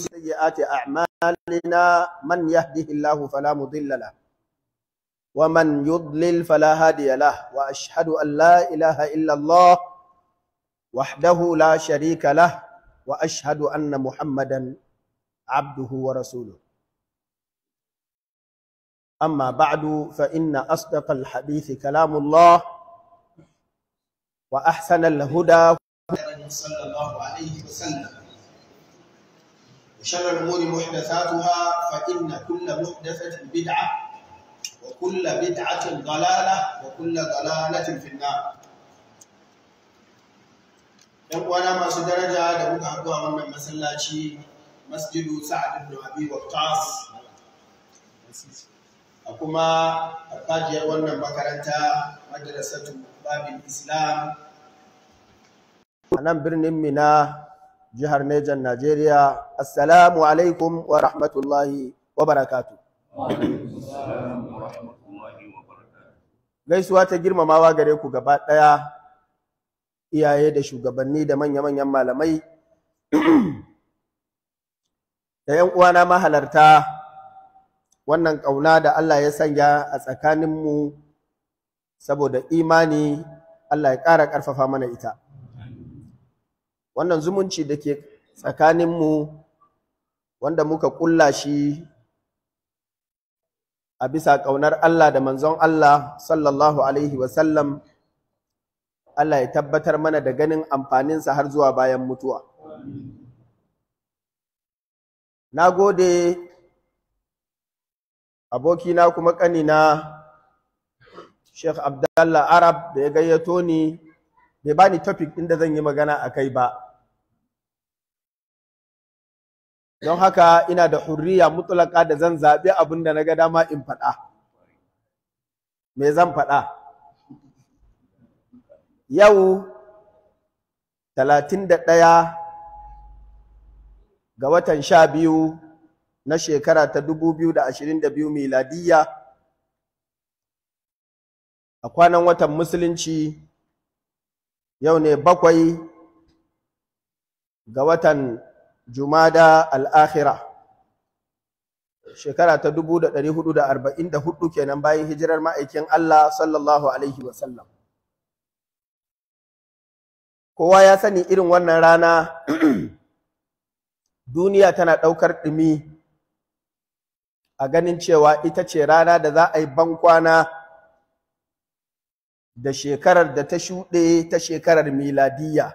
سيئات أعمالنا من يهده الله فلا مضل له ومن يضلل فلا هادي له وأشهد أن لا إله إلا الله وحده لا شريك له وأشهد أن محمدا عبده ورسوله أما بعد فإن أصدق الحديث كلام الله وأحسن الهدى صلى الله عليه وسلم وشر الأمور محدثاتها فإن كل محدثة بدعة وكل بدعة ضلالة وكل ضلالة في النار ‘yan uwana masu daraja da muka haɗu a wannan masallaci masjidu sa'ad ibn abi waqas a kuma farfajiyar wannan makaranta madrasatu babin islam a nan birnin Minna. jihar Nejan Najeriya. Assalamu alaikum wa rahmatullahi wa barakatu. Gaisuwa ta girmamawa gare ku gaba ɗaya iyaye da shugabanni da manya-manyan malamai da ‘yan uwana mahalarta wannan ƙauna da Allah ya sanya a tsakaninmu saboda imani Allah ya ƙara ƙarfafa mana ita. wannan zumunci da ke tsakaninmu wanda muka ƙulla shi a bisa ƙaunar Allah da manzon Allah sallallahu Alaihi wasallam Allah ya tabbatar mana da ganin amfaninsa har zuwa bayan mutuwa. Na gode abokina kuma ƙanina Sheikh Abdallah Arab da ya gayyato ni bai bani topic inda zan yi magana a kai ba don haka ina da hurriya mutulaka da zan zaɓi abin da na ga dama in faɗa me zan faɗa yau talatin da ɗaya ga watan sha biyu na shekara ta dubu biyu da ashirin da biyu miladiyya a kwanan watan musulunci yau ne bakwai ga watan jumada al'akhira shekara ta dubu da da da hudu arba'in hudu kenan bayan hijirar ma'aikin Allah sallallahu alaihi wasallam kowa ya sani irin wannan rana duniya tana ɗaukar ɗumi a ganin cewa ita ce rana da za a yi bankwana da shekarar da ta shuɗe ta shekarar miladiyya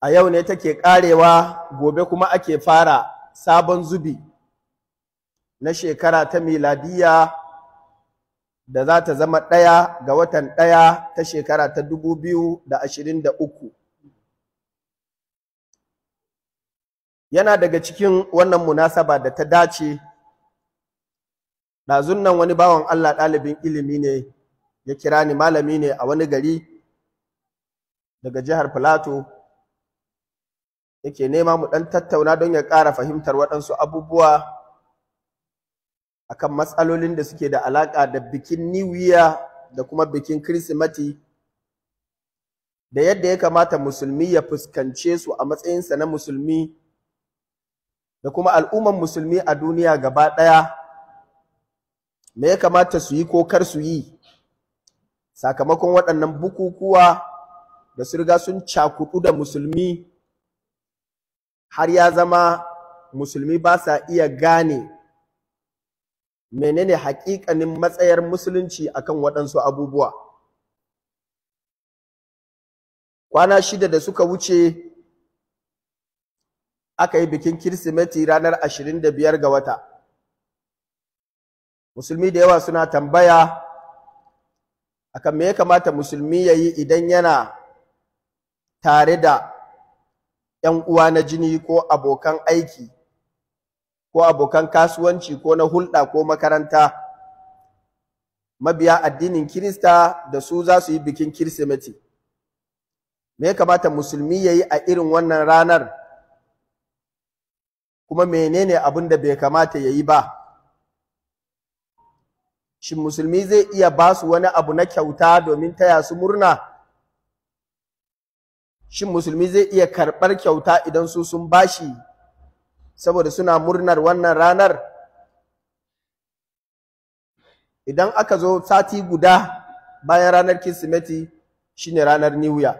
a yau ne take ƙarewa gobe kuma ake fara sabon zubi na shekara ta miladiya da za ta zama ɗaya ga watan ɗaya ta shekara ta dubu biyu da ashirin da uku yana daga cikin wannan munasaba da ta dace ɗazun nan wani bawan Allah ɗalibin ilimi ne ya kira ni malami ne a wani gari daga jihar Filato yake nema mu ɗan tattauna don ya ƙara fahimtar waɗansu abubuwa akan matsalolin da suke da alaƙa da bikin New Year da kuma bikin Kirsimati da yadda ya kamata musulmi ya fuskance su a matsayinsa na musulmi da kuma al'umman musulmi a duniya gaba ɗaya. me ya kamata su yi ko kar su yi sakamakon waɗannan bukukuwa da surga sun cakudu da musulmi har ya zama musulmi ba sa iya gane menene haƙiƙanin matsayar musulunci akan waɗansu abubuwa kwana shida da suka wuce aka yi bikin kirsimeti ranar ashirin da biyar ga wata musulmi da yawa suna tambaya akan me ya kamata musulmi ya yi idan yana tare da ‘yan uwa na jini ko abokan aiki ko abokan kasuwanci ko na hulɗa ko makaranta mabiya addinin Kirista da su za su yi bikin Kirsimeti. Me ya kamata musulmi ya yi a irin wannan ranar kuma menene abin da bai kamata ya yi ba. shin musulmi zai iya ba su wani abu na kyauta domin taya su murna shin musulmi zai iya karɓar kyauta idan su sun bashi saboda suna murnar wannan ranar idan aka zo sati guda bayan ranar kirsimeti shine ranar niwuya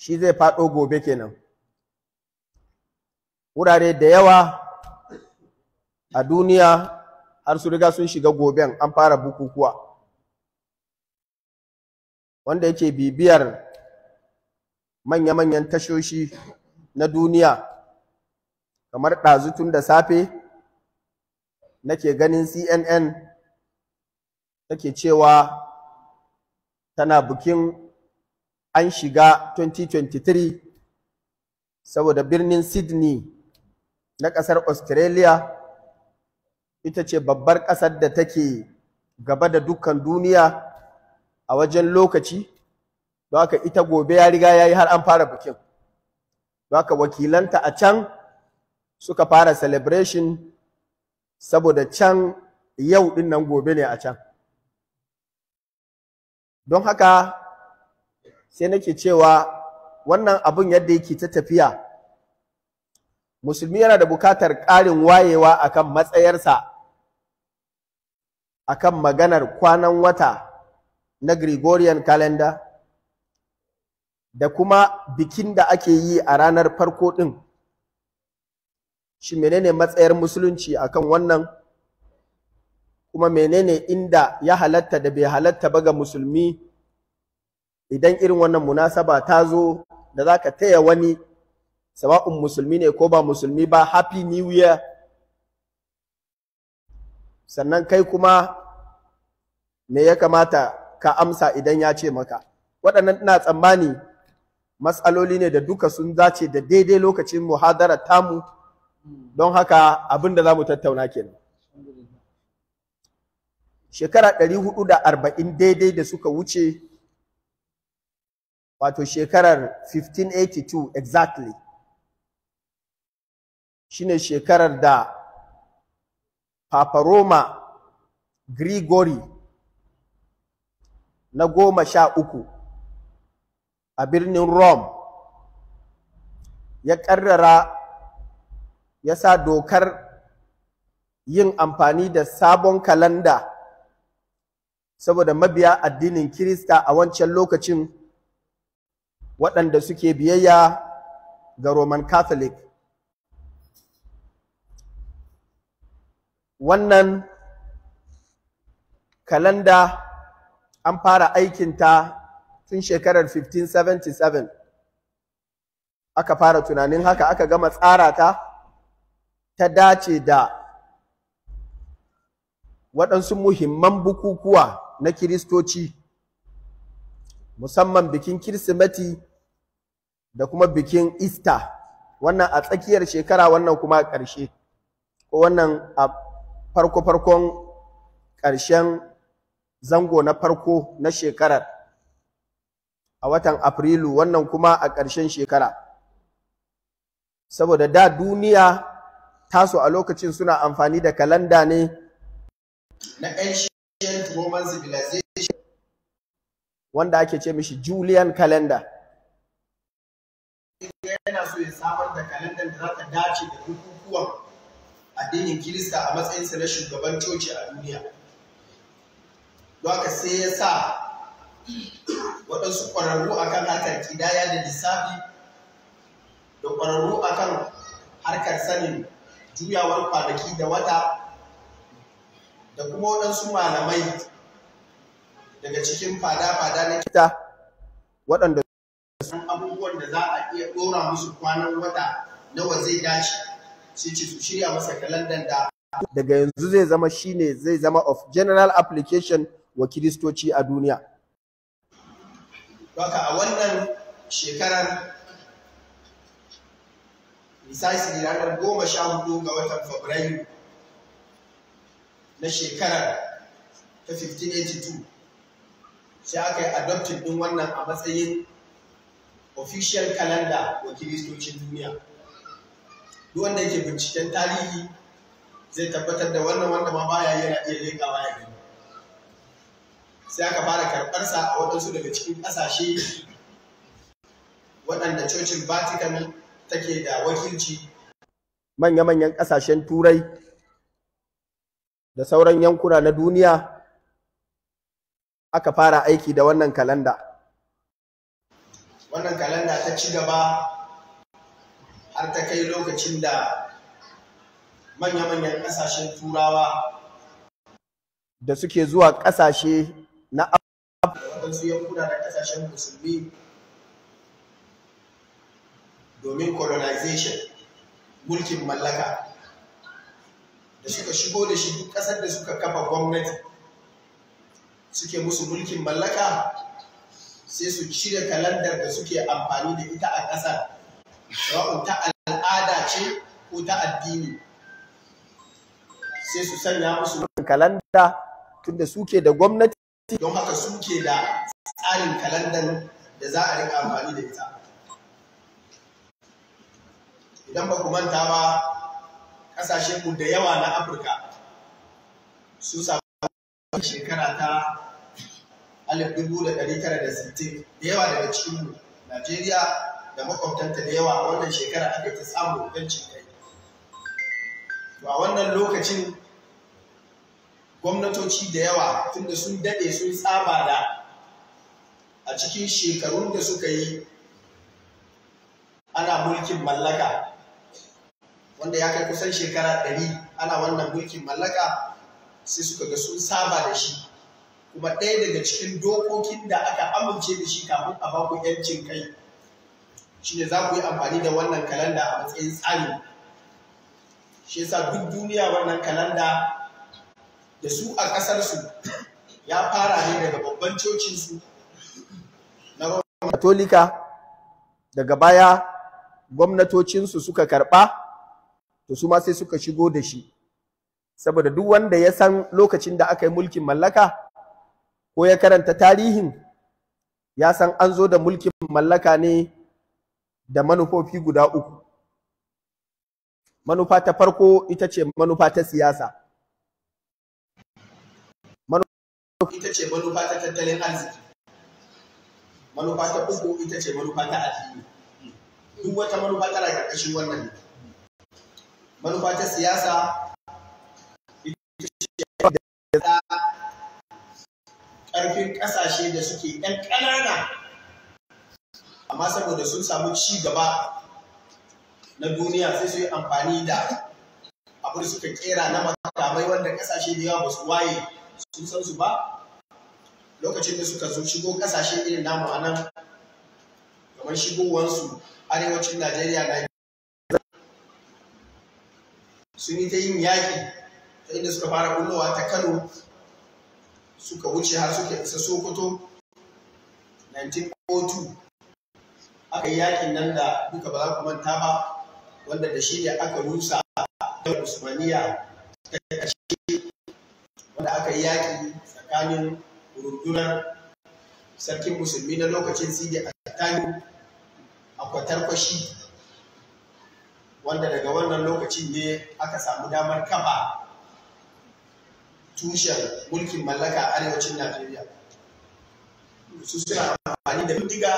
shi zai faɗo gobe kenan wurare da yawa a duniya har su riga sun shiga goben an fara bukukuwa wanda yake bibiyar manya-manyan tashoshi na duniya kamar ɗazu tun da safe nake ganin cnn take cewa tana bikin an shiga 2023 saboda birnin sydney na ƙasar australia ita ce babbar ƙasar da take gaba da dukkan duniya a wajen lokaci don haka ita gobe ya riga ya yi har an fara bikin don haka wakilanta a can suka fara celebration saboda can yau ɗin nan gobe ne a can don haka sai nake cewa wannan abun yadda yake ta tafiya musulmi yana da buƙatar ƙarin wayewa akan matsayarsa akan maganar kwanan wata na Gregorian calendar da kuma bikin da ake yi a ranar farko ɗin shi menene matsayar musulunci akan wannan kuma menene inda ya halatta da bai halatta ba ga musulmi idan irin wannan munasaba ta zo da za ka taya wani sawa'un musulmi ne ko ba musulmi ba happy new year sannan kai kuma me ya kamata ka amsa idan ya ce maka waɗannan ina tsammani matsaloli ne da duka sun zace da daidai lokacin muhadarar tamu don haka abin da za mu tattauna kenan shekara 440 daidai da suka wuce wato shekarar 1582 exactly shine shekarar da Papa Roma Grigori na goma sha uku a birnin Rome ya ƙarrara ya sa dokar yin amfani da sabon kalanda saboda mabiya addinin Kirista a wancan lokacin waɗanda suke biyayya ga Roman Catholic. wannan kalanda an fara aikinta tun shekarar 1577 aka fara tunanin haka aka gama tsara ta ta dace da waɗansu muhimman bukukuwa na kiristoci musamman bikin kirsimeti da kuma bikin Easter wannan a tsakiyar shekara wannan kuma a ƙarshe ko wannan farko-farkon ƙarshen zango na farko na shekarar a watan Afrilu wannan kuma a ƙarshen shekara. Saboda da duniya taso a lokacin suna amfani da kalanda ne na ancient Roman civilization wanda ake ce mishi Julian calendar. Yana so ya samar da kalandar da za ta dace da bukukuwan addinin kirista a matsayinsa na shugaban coci a duniya haka sai ya sa waɗansu ƙwararru akan harkar kidaya da lissafi da ƙwararru akan harkar sanin juyawar kwanaki da wata da kuma waɗansu malamai daga cikin fada-fada na kita waɗanda abubuwan da za a iya ɗora musu kwanan wata nawa zai dace daga yanzu zai zama shine zai zama of general application wa kiristoci a duniya Baka a wannan shekarar misali ranar goma sha hudu ga watan Fabrairu na shekarar ta 1582 sai aka yi adoptin din wannan a matsayin official calendar wa kiristocin duniya. duk wanda yake binciken tarihi zai tabbatar da wannan wanda ma baya yana iya leƙawa ya gani sai aka fara karɓarsa a waɗansu daga cikin ƙasashe waɗanda cocin vatican take da wakilci manya-manyan ƙasashen turai da sauran yankuna na duniya aka fara aiki da wannan kalanda wannan kalanda ta ci gaba har ta kai lokacin da manya-manyan ƙasashen turawa da suke zuwa ƙasashe na waɗansu yankuna da ƙasashen musulmi domin colonization mulkin mallaka da suka shigo da shi duk ƙasar da suka kafa gwamnati suke musu mulkin mallaka sai su cire kalandar da suke amfani da ita a ƙasar ra'u ta al'ada ce ko ta addini sai su sanya musu kalanda tunda suke da gwamnati don haka suke da tsarin kalandar da za a rika amfani da ita idan ba ku manta ba kasashe mu da yawa na afirka su samu shekara ta 1960 da yawa daga cikinmu najeriya da makwabtanta da yawa a wannan shekara aka ta samu yancin kai to a wannan lokacin gwamnatoci da yawa tunda sun daɗe sun tsaba da a cikin shekarun da suka yi ana mulkin mallaka wanda ya kai kusan shekara ɗari ana wannan mulkin mallaka sai suka ga sun saba da shi kuma ɗaya daga cikin dokokin da aka amince da shi kafin a baku 'yancin kai shine za ku yi amfani da wannan kalanda a matsayin tsari shi yasa duk duniya wannan kalanda da su a ƙasarsu ya fara ne daga babban su na katolika daga baya gwamnatocinsu suka karɓa to su ma sai suka shigo da shi saboda duk wanda ya san lokacin da aka yi mulkin mallaka ko ya karanta tarihin ya san an zo da mulkin mallaka ne da manufofi guda uku manufa ta farko ita ce manufa ta siyasa ita ce manufa ta tattalin arziki manufa ta uku ita ce manufa ta addini duk wata manufa tana ƙarƙashin wannan manufa ta siyasa ita ce ƙarfin ƙasashe da suke ƴan ƙanana amma saboda sun samu ci gaba na duniya sai su yi amfani da abin suka kera na makamai wanda kasashe da yawa ba su waye sun san su ba lokacin da suka zo shigo kasashe irin namu a nan kamar shigowansu arewacin najeriya na sun yi ta yin yaƙi ta inda suka fara bullowa ta kano suka wuce har suka isa sokoto 1902 aka yi yakin nan da duka ba za ku manta ba wanda da shi ne aka rusa da usmaniya ta ƙarshe wanda aka yi yaki tsakanin rundunar sarkin musulmi na lokacin sidi a tani a kwatar kwashi wanda daga wannan lokacin ne aka samu damar kaba tushen mulkin mallaka a arewacin najeriya su suna amfani da bindiga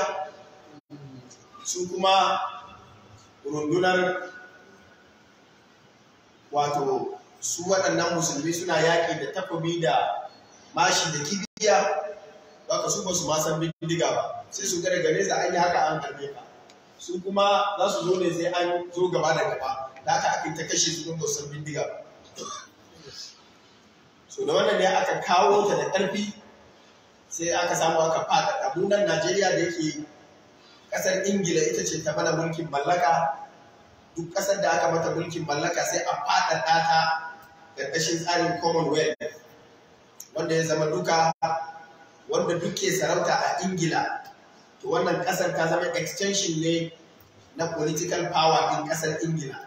su kuma rundunar wato su waɗannan musulmi suna yaƙi da takobi da mashi da kibiya baka su basu masan bindiga ba sai su gare gare za an yi haka an karbe ka su kuma za su zo ne sai an zo gaba da gaba da aka aka ta kashe su don san bindiga ba so da wannan ne aka kawo ta da ƙarfi sai aka samu aka fada, mu nan najeriya da yake ƙasar ingila ita ce ta mana mulkin mallaka duk ƙasar da aka mata mulkin mallaka sai a faɗaɗa ta ƙarƙashin tsarin commonwealth wanda ya zama duka wanda duke sarauta a ingila to wannan ƙasar ta zama extension ne na political power ɗin ƙasar ingila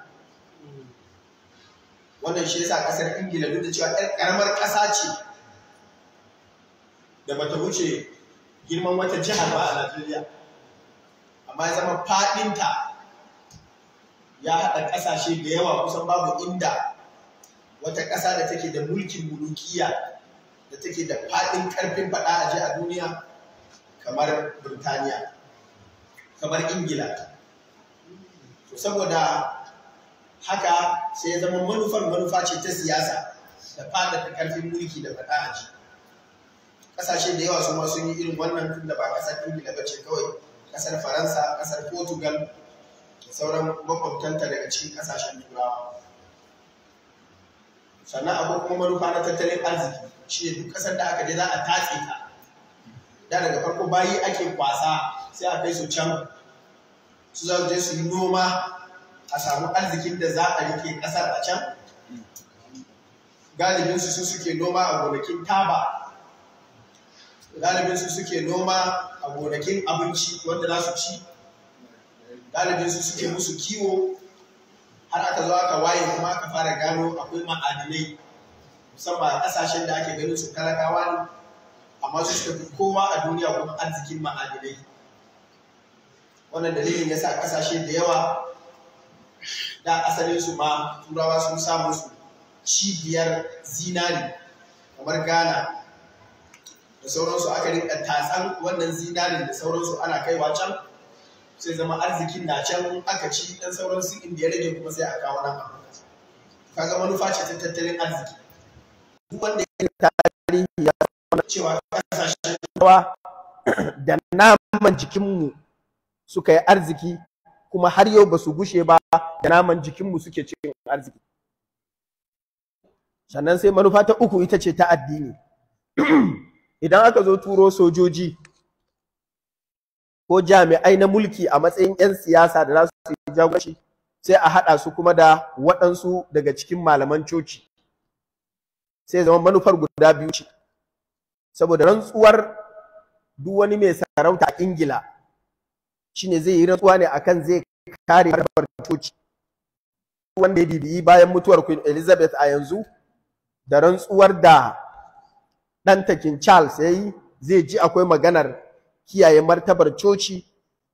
wannan shi yasa ƙasar ingila duk da cewa ƴar ƙaramar ƙasa ce da bata wuce girman wata jihar ba a najeriya amma ya zama faɗinta ya haɗa ƙasashe da yawa kusan babu inda wata ƙasa da take da mulkin mulukiya da take da faɗin ƙarfin faɗa a a duniya kamar Birtaniya, kamar Ingila. To saboda haka sai ya zama manufar manufa ce ta siyasa da faɗaɗa ƙarfin mulki da faɗa a ji. Ƙasashe da yawa su ma sun yi irin wannan tun da ba ƙasar Ingila ba ce kawai. ƙasar faransa ƙasar portugal da sauran makwabtanta daga cikin ƙasashen turawa sannan akwai kuma manufa na tattalin arziki shi duk ƙasar da aka je za a tatse ta da daga farko bayi ake kwasa sai a kai su can su za je su yi noma a samu arzikin da za a rike ƙasar a can galibin su suke noma a gonakin taba galibin su suke noma gonakin abinci wanda za su ci galibin su suke musu kiwo har aka zo aka waye kuma aka fara gano akwai ma'adinai musamman a ƙasashen da ake ganin su karakawa ne amma su suka fi kowa a duniya kuma arzikin ma'adinai wannan dalilin ya sa ƙasashe da yawa da asalin su ma turawa sun samu su cibiyar zinari kamar ghana da sauransu aka rika tatsan wannan zinarin da sauransu ana kaiwa can sai zama arzikin na can aka ci dan sauran su inda ya rage kuma sai a kawo nan abu kaga manufa ce ta tattalin arziki duk wanda ya tarihi ya cewa kasashen yawa da naman jikinmu suka yi arziki kuma har yau ba su gushe ba da naman jikinmu suke cikin arziki sannan sai manufa ta uku ita ce ta addini idan aka zo turo sojoji ko jami'ai na mulki a matsayin 'yan siyasa da za su jagoranci sai a haɗa su kuma da waɗansu daga cikin malaman coci sai zama manufar guda biyu ce saboda rantsuwar duk wani mai sarauta a ingila shine zai yi rantsuwa ne akan zai kare harbar coci wanda ya bibiyi bayan mutuwar queen elizabeth a yanzu da rantsuwar da Ɗan takin Charles ya yi zai ji akwai maganar kiyaye martabar coci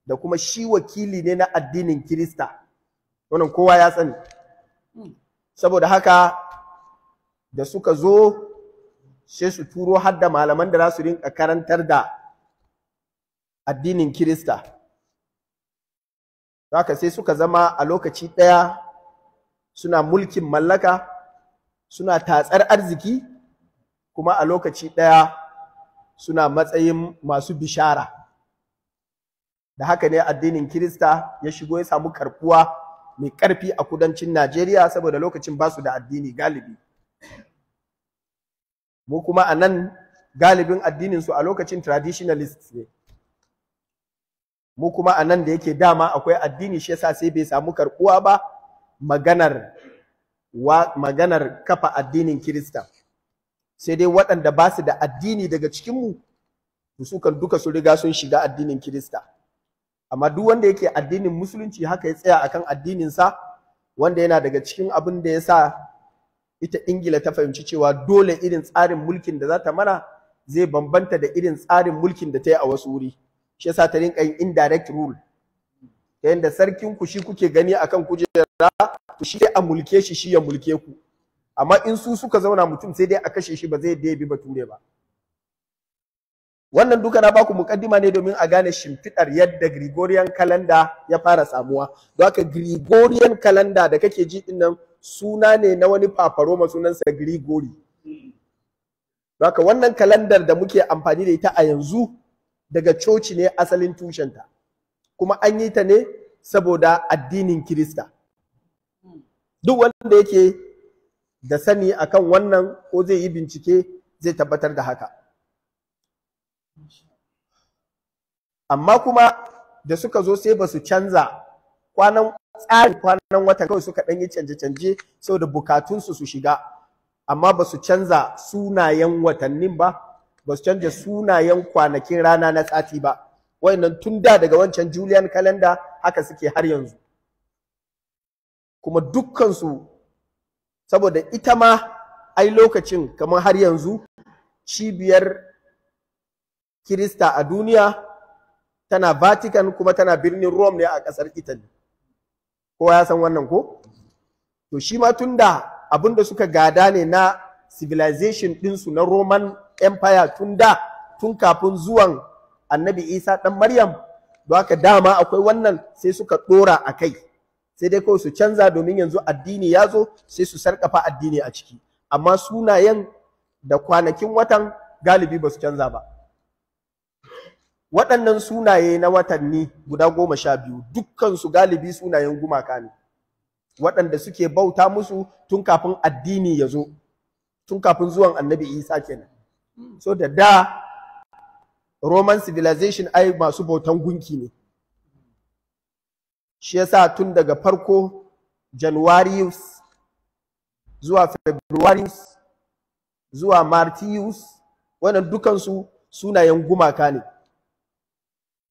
da kuma shi wakili ne na addinin Kirista. Wannan kowa ya sani. Hmm. Saboda haka da suka zo sai su turo har da malaman da za su rinka karantar da addinin Kirista. Haka sai suka zama a lokaci ɗaya suna mulkin mallaka, suna tatsar arziki. kuma a lokaci ɗaya suna matsayin masu bishara da haka ne addinin kirista ya shigo ya samu karbuwa mai ƙarfi a kudancin najeriya saboda lokacin basu da addini galibi mu kuma a nan galibin addininsu a lokacin traditionalists ne mu kuma a nan da yake dama akwai addini shi yasa sai bai samu karbuwa ba maganar maganar kafa addinin kirista sai dai waɗanda ba su da addini daga cikinmu to su kan duka su riga sun shiga addinin Kirista amma duk wanda yake addinin musulunci haka ya tsaya akan addininsa wanda yana daga cikin abin da ya sa ita Ingila ta fahimci cewa dole irin tsarin mulkin da za ta mana zai bambanta da irin tsarin mulkin da ta yi a wasu wuri shi yasa ta rinka yin indirect rule ta yadda sarkin ku shi kuke gani akan kujera to shi a mulke shi shi ya mulke ku amma in su suka zauna mutum sai dai a kashe shi ba zai da bi ture ba wannan duka na baku mukaddima ne domin a gane shimfidar yadda Gregorian calendar ya fara samuwa don haka Gregorian calendar da kake ji din nan suna ne na wani fafaroma sunansa Grigori don haka wannan kalandar da muke amfani da ita a yanzu daga coci ne asalin tushen ta kuma an yi ta ne saboda addinin Kirista duk wanda yake da sani akan wannan ko zai yi bincike zai tabbatar da haka amma kuma da suka zo sai ba su canza kwanan tsarin kwanan watan kawai suka ɗan yi canje-canje saboda bukatunsu su shiga amma ba su canza sunayen watannin ba ba su canza sunayen kwanakin rana na sati ba wayannan tun da daga wancan julian calendar haka suke har yanzu kuma dukkansu saboda ita ma ai lokacin kamar har yanzu cibiyar Kirista a duniya tana Vatican kuma tana birnin Rome ne a ƙasar Italy. Kowa ya san wannan ko? To shi ma tunda abin da suka gada ne na civilization ɗinsu na Roman Empire tun da tun kafin zuwan annabi Isa ɗan Maryam, don haka dama akwai wannan sai suka ɗora a kai. sai dai kawai su canza domin yanzu addini ya zo sai su sarkafa addini a ciki amma sunayen da kwanakin watan galibi ba su canza ba waɗannan sunaye na watanni guda goma sha biyu dukkansu galibi sunayen gumaka ne waɗanda suke bauta musu tun kafin addini ya zo tun kafin zuwan annabi isa kenan so da da roman civilization ai masu bautan gunki ne shi yasa tun daga farko Januarius zuwa Februarius zuwa Martius wannan dukansu sunayen gumaka ne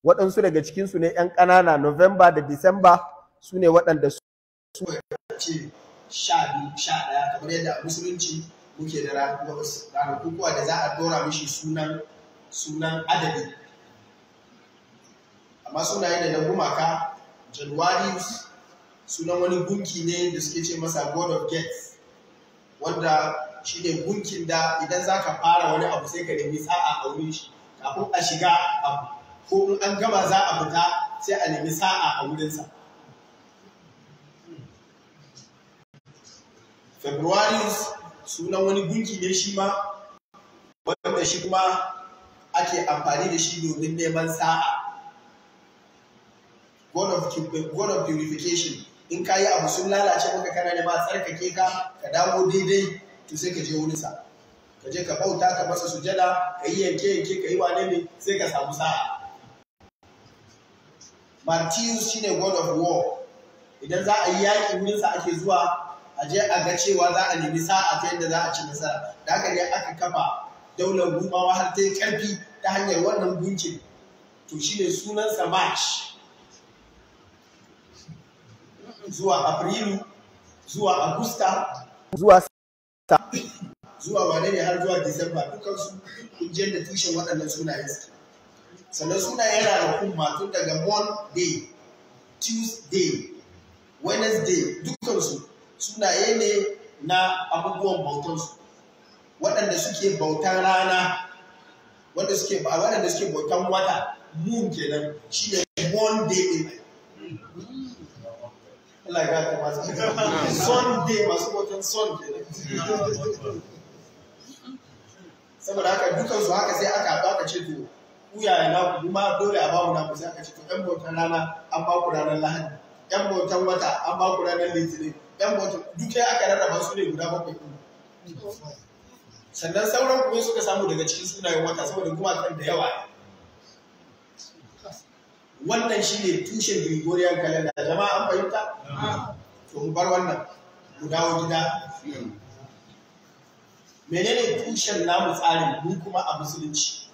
waɗansu daga cikinsu ne 'yan ƙanana November da December su ne waɗanda su ce sha biyu sha ɗaya kamar yadda musulunci muke da ranaku da za a dora mishi sunan sunan adadi amma sunaye da na gumaka jalwadis sunan wani gunki ne da suke ce masa god of gates wanda shi ne gunkin da idan za ka fara wani abu sai ka nemi sa'a a wurin shi kafin a shiga abu ko in an gama za a fita sai a nemi sa'a a wurinsa februaris sunan wani gunki ne shi ma wanda shi kuma ake amfani da shi domin neman sa'a god of, god of purification in ka abu sun lalace maka kana da ba tsarkake ka ka dawo daidai to sai ka je sa ka je ka bauta ka masa sujada ka yi yanke yanke ka yi wane ne sai ka samu sa'a martius shine god of war idan za a yi yaƙi sa ake zuwa a je a ga cewa za a nemi sa'a ta yadda za a ci nasara da haka ne aka kafa daular rumawa har ta yi ƙarfi ta hanyar wannan gunkin to shine sunansa march zuwa afrilu zuwa agusta zuwa sa zuwa wane ne har zuwa disamba dukansu kungiyar da tushen waɗannan sunayen su sannan yana da kuma tun daga monday tuesday wednesday dukansu sunaye ne na abubuwan bautansu waɗanda suke bautan rana wanda suke waɗanda suke bautan wata moon kenan shi ne monday ɗin Allah ya gata masu Sunday masu wajen son ke Saboda haka dukan su haka sai aka haɗu aka ce to kuyaye na ku kuma dole a na naku sai aka ce to ɗan bautan rana an ba ku ranar lahadi ɗan bautan wata an ba ku ranar litinin ɗan bautan duk ya aka rarraba su ne guda bakwai sannan sauran kuma suka samu daga cikin sunayen wata saboda gumakan da yawa ne wannan shi ne tushen Gregorian calendar jama'a an fahimta to mu bar wannan mu dawo gida menene tushen namu tsarin mu kuma a musulunci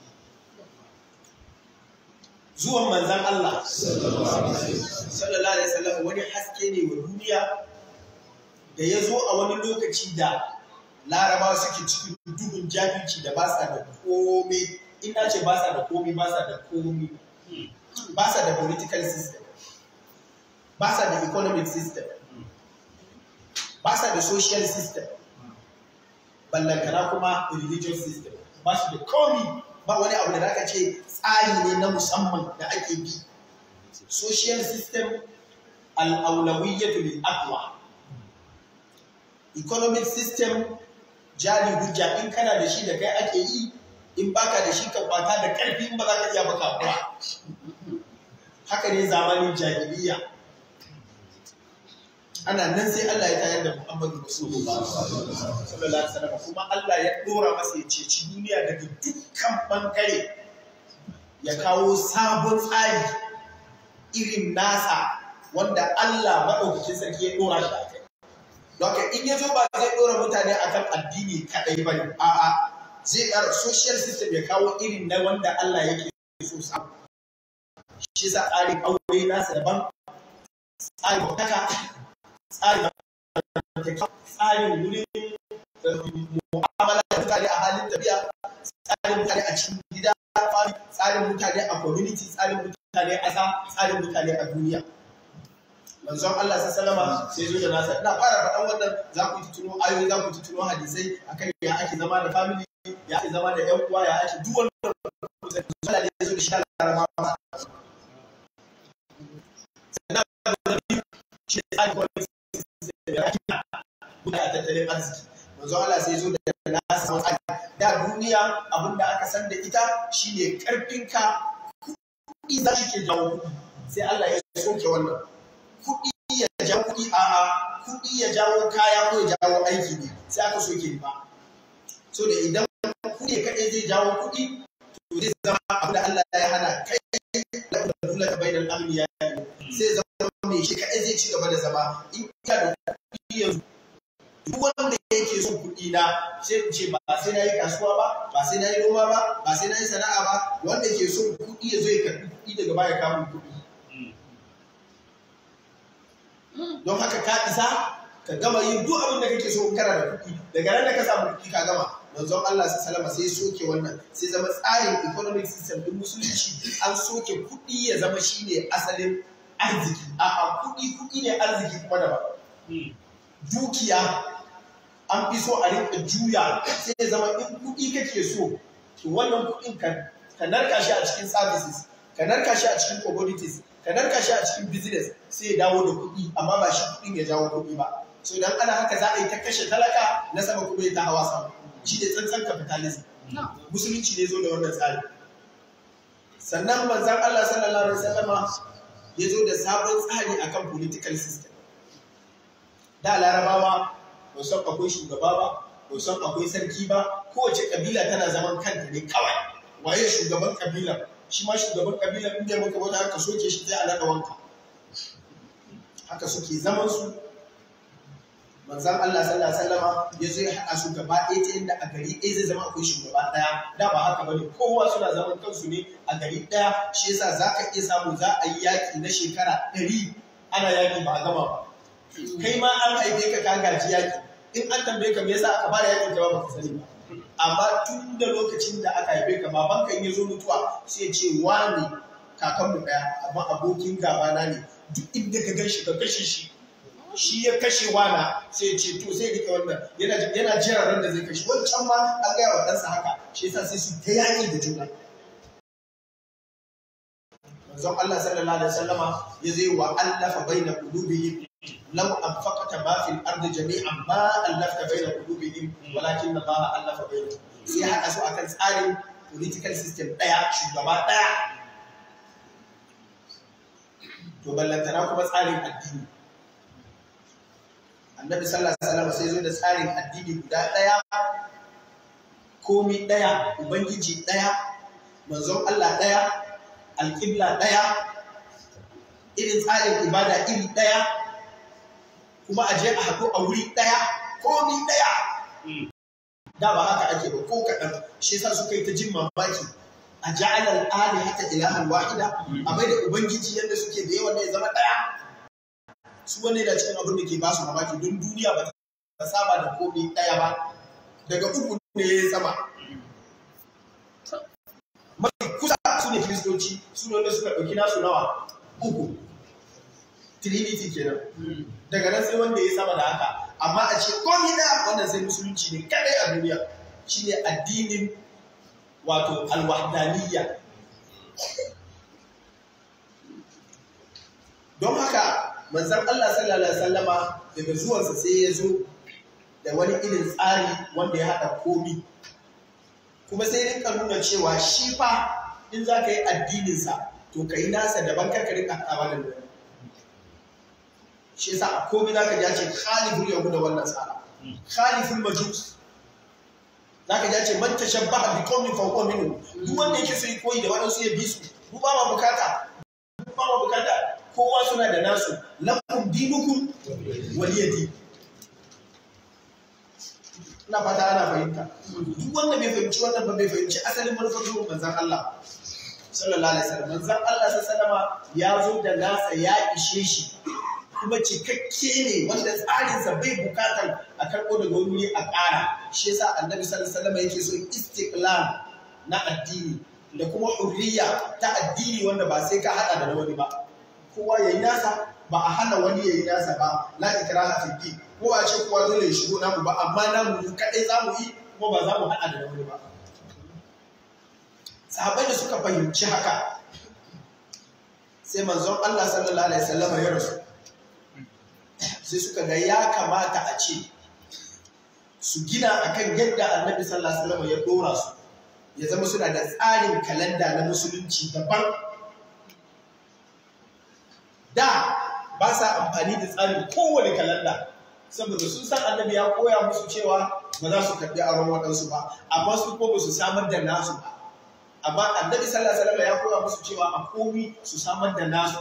zuwan manzan Allah sallallahu alaihi wasallam wani haske ne wa duniya da ya zo a wani lokaci da larabawa suke cikin duhun jahilci da ba sa da komai ina ce ba sa da komai ba sa da komai ba sa da political system ba sa da economic system ba sa da social system ballantana kuma religious system ba su da komi ba wani abu da zaka ce tsari ne na musamman da ake bi social system al'aulawiyyatu lil aqwa economic system jari hujja in kana da shi da kai ake yi in baka da shi ka kwata da karfi ba za ka iya baka ba haka ne zamani jahiliya ana nan sai Allah ya tayar da Muhammadu Rasulullah sallallahu alaihi wasallam kuma Allah ya dora masa ya ceci duniya daga dukkan bangare ya kawo sabon tsari irin nasa wanda Allah maɗaukacin sarki ya dora shi a kai. Doka in ya zo ba zai dora mutane akan addini kaɗai ba ne, a'a zai ƙara social system ya kawo irin na wanda Allah yake so samu. shi sa tsarin aure nasa daban tsarin wakaka tsarin tsarin wurin mu'amala da mutane a halin tafiya tsarin mutane a cikin gida tsarin mutane a community tsarin mutane a ƙasa tsarin mutane a duniya manzon Allah sallama sai zo da nasa ina fara faɗan wannan za ku ji tuno ayoyi za ku ji tuno hadisai akan ya ake zama da family ya ake zama da 'yan uwa ya ake duk wannan Allah ne ya zo da shi Allah ya rahama sannan abu na shi da tattalin arziki manzo sai zo da nasa samu tsari da duniya abin da aka san da ita shine karfinka kuɗi za shi ke jawo kuɗi sai Allah ya soke wannan kuɗi ya jawo kuɗi a'a kuɗi ya jawo kaya ko ya jawo aiki ne sai aka soke ba. so da idan kuɗi kaɗai zai jawo kuɗi to zai zama abin da Allah ya hana kai da dole ka bayyana amniya ne sai zama mai shi kaɗai zai ci gaba da zama in ina da kuɗi yanzu duk wanda yake son kuɗi na sai ce ba sai na yi kasuwa ba ba sai na yi noma ba ba sai na yi sana'a ba wanda ke son kuɗi ya zo ya karɓi kuɗi daga baya kamun kuɗi don haka ka isa ka gama yin duk abin da kake so kana da kuɗi daga nan da ka samu kuɗi ka gama manzon Allah sai salama sai soke wannan sai zama tsarin economic system din musulunci an soke kuɗi ya zama shine asalin arziki a kuɗi kuɗi ne arziki kuma da ba hmm. dukiya an fi so a rinka juya sai ya zama in kuɗi kake so wannan kuɗin ka narka shi a cikin services ka narka a cikin commodities ka narka shi a cikin business sai ya dawo da kuɗi amma ba shi kuɗin ya jawo kuɗi ba so idan ana haka za a yi ta kashe talaka na sama kuma ya ta hawa sama shi ne tsantsan capitalism musulunci ne zo da wannan tsari sannan manzon Allah sallallahu alaihi wasallama ya zo da sabon tsari akan political system da larabawa ba san akwai shugaba ba ba san akwai sarki ba kowace kabila tana zaman kanta ne kawai waye shugaban kabila shi ma shugaban kabila in muka maka wani haka soke shi sai a wanka haka suke zaman su manzan Allah sallallahu alaihi wasallama ya zo ya haɗa su gaba ɗaya ta yadda a gari ɗaya zai zama akwai shugaba ɗaya da ba haka ba ne. kowa suna zaman kansu ne a gari ɗaya shi yasa za ka iya samu za a yi yaƙi na shekara ɗari ana yaƙi ba a gama ba kai ma an haife ka ka gaji yaƙi in an tambaye ka me yasa aka fara yaƙin ka ba ka sani ba amma tun da lokacin da aka haife ka babanka in ya zo mutuwa sai ce wane kakanmu ɗaya amma abokin gaba na ne duk inda ka gan shi ka kashe shi shi ya kashe wana sai ce to sai rike wannan yana yana jiran ran da zai kashe wancan ma an gaya wa kansa haka shi yasa sai su ta yaƙi da juna manzon Allah sallallahu alaihi wasallama ya zai wa allafa baina qulubihim law anfaqata ma fil ardi jami'an ma allafta baina qulubihim walakin Allah allafa baina sai haka su akan tsarin political system daya shugaba daya to ballantana kuma tsarin addini annabi sallallahu alaihi wasallam sai zo da tsarin addini guda ɗaya komi ɗaya ubangiji ɗaya manzon Allah ɗaya alƙibla ɗaya irin tsarin ibada iri ɗaya kuma a je a haɗu a wuri ɗaya komi ɗaya hmm. da ba haka ake ba ko kaɗan shi yasa suka yi ta jin mamaki a ja'alal alihata ilahan wahida hmm. a bai da ubangiji yadda suke da yawan ne zama ɗaya su wani da cikin abin da ke basu mamaki don duniya ba ta saba da komi ɗaya ba daga uku ne ya yi sama mafi kusa su ne kiristoci su ne wanda suka ɗauki nasu nawa uku trinity kenan daga nan sai wanda ya sama da haka amma a ce komi na wannan sai musulunci ne kadai a duniya shine addinin wato alwahdaniyya don haka manzan Allah sallallahu alaihi wasallama daga zuwansa sai ya zo da wani irin tsari wanda ya haɗa komi kuma sai rinka nuna cewa shi fa in za ka yi addininsa to ka yi nasa daban karka rinka haɗawa da nuna shi yasa a komi za ka ja ce yau da wannan tsara khaliful majus za ka ja ce man tashabbaha bi qaumin fa huwa minhum duk wanda yake sai yi koyi da waɗansu ya bi su mu ba ma bukata mu ba ma bukata kowa suna da nasu lakum dinukum waliyadi ina fata ana fahimta duk wanda bai fahimci wannan ba bai fahimci asalin manufar zuwa manzan Allah sallallahu alaihi wasallam manzan Allah sallama ya zo da nasa ya ishe shi kuma cikakke ne wanda tsarinsa bai bukatar a karɓo daga wani a ƙara shi yasa annabi sallallahu alaihi wasallam yake so istiqlal na addini da kuma hurriya ta addini wanda ba sai ka hada da wani ba kowa yayi nasa ba a hana wani yayi nasa ba la ikraha fi din ko a ce kowa dole ya shigo namu ba amma namu mu kadai za mu yi kuma ba za mu hada da wani ba sahabbai da suka fahimci haka sai manzon Allah sallallahu alaihi wasallam ya rasu sai suka ga ya kamata a ce su gina akan yadda annabi sallallahu alaihi wasallam ya dora su ya zama suna da tsarin kalanda na musulunci daban da ba sa amfani da tsarin kowane kalanda saboda sun san annabi ya koya musu cewa ba za su karɓi auren waɗansu ba amma su ko ba su samar da nasu ba amma annabi sallallahu ya koya musu cewa a komi su samar da nasu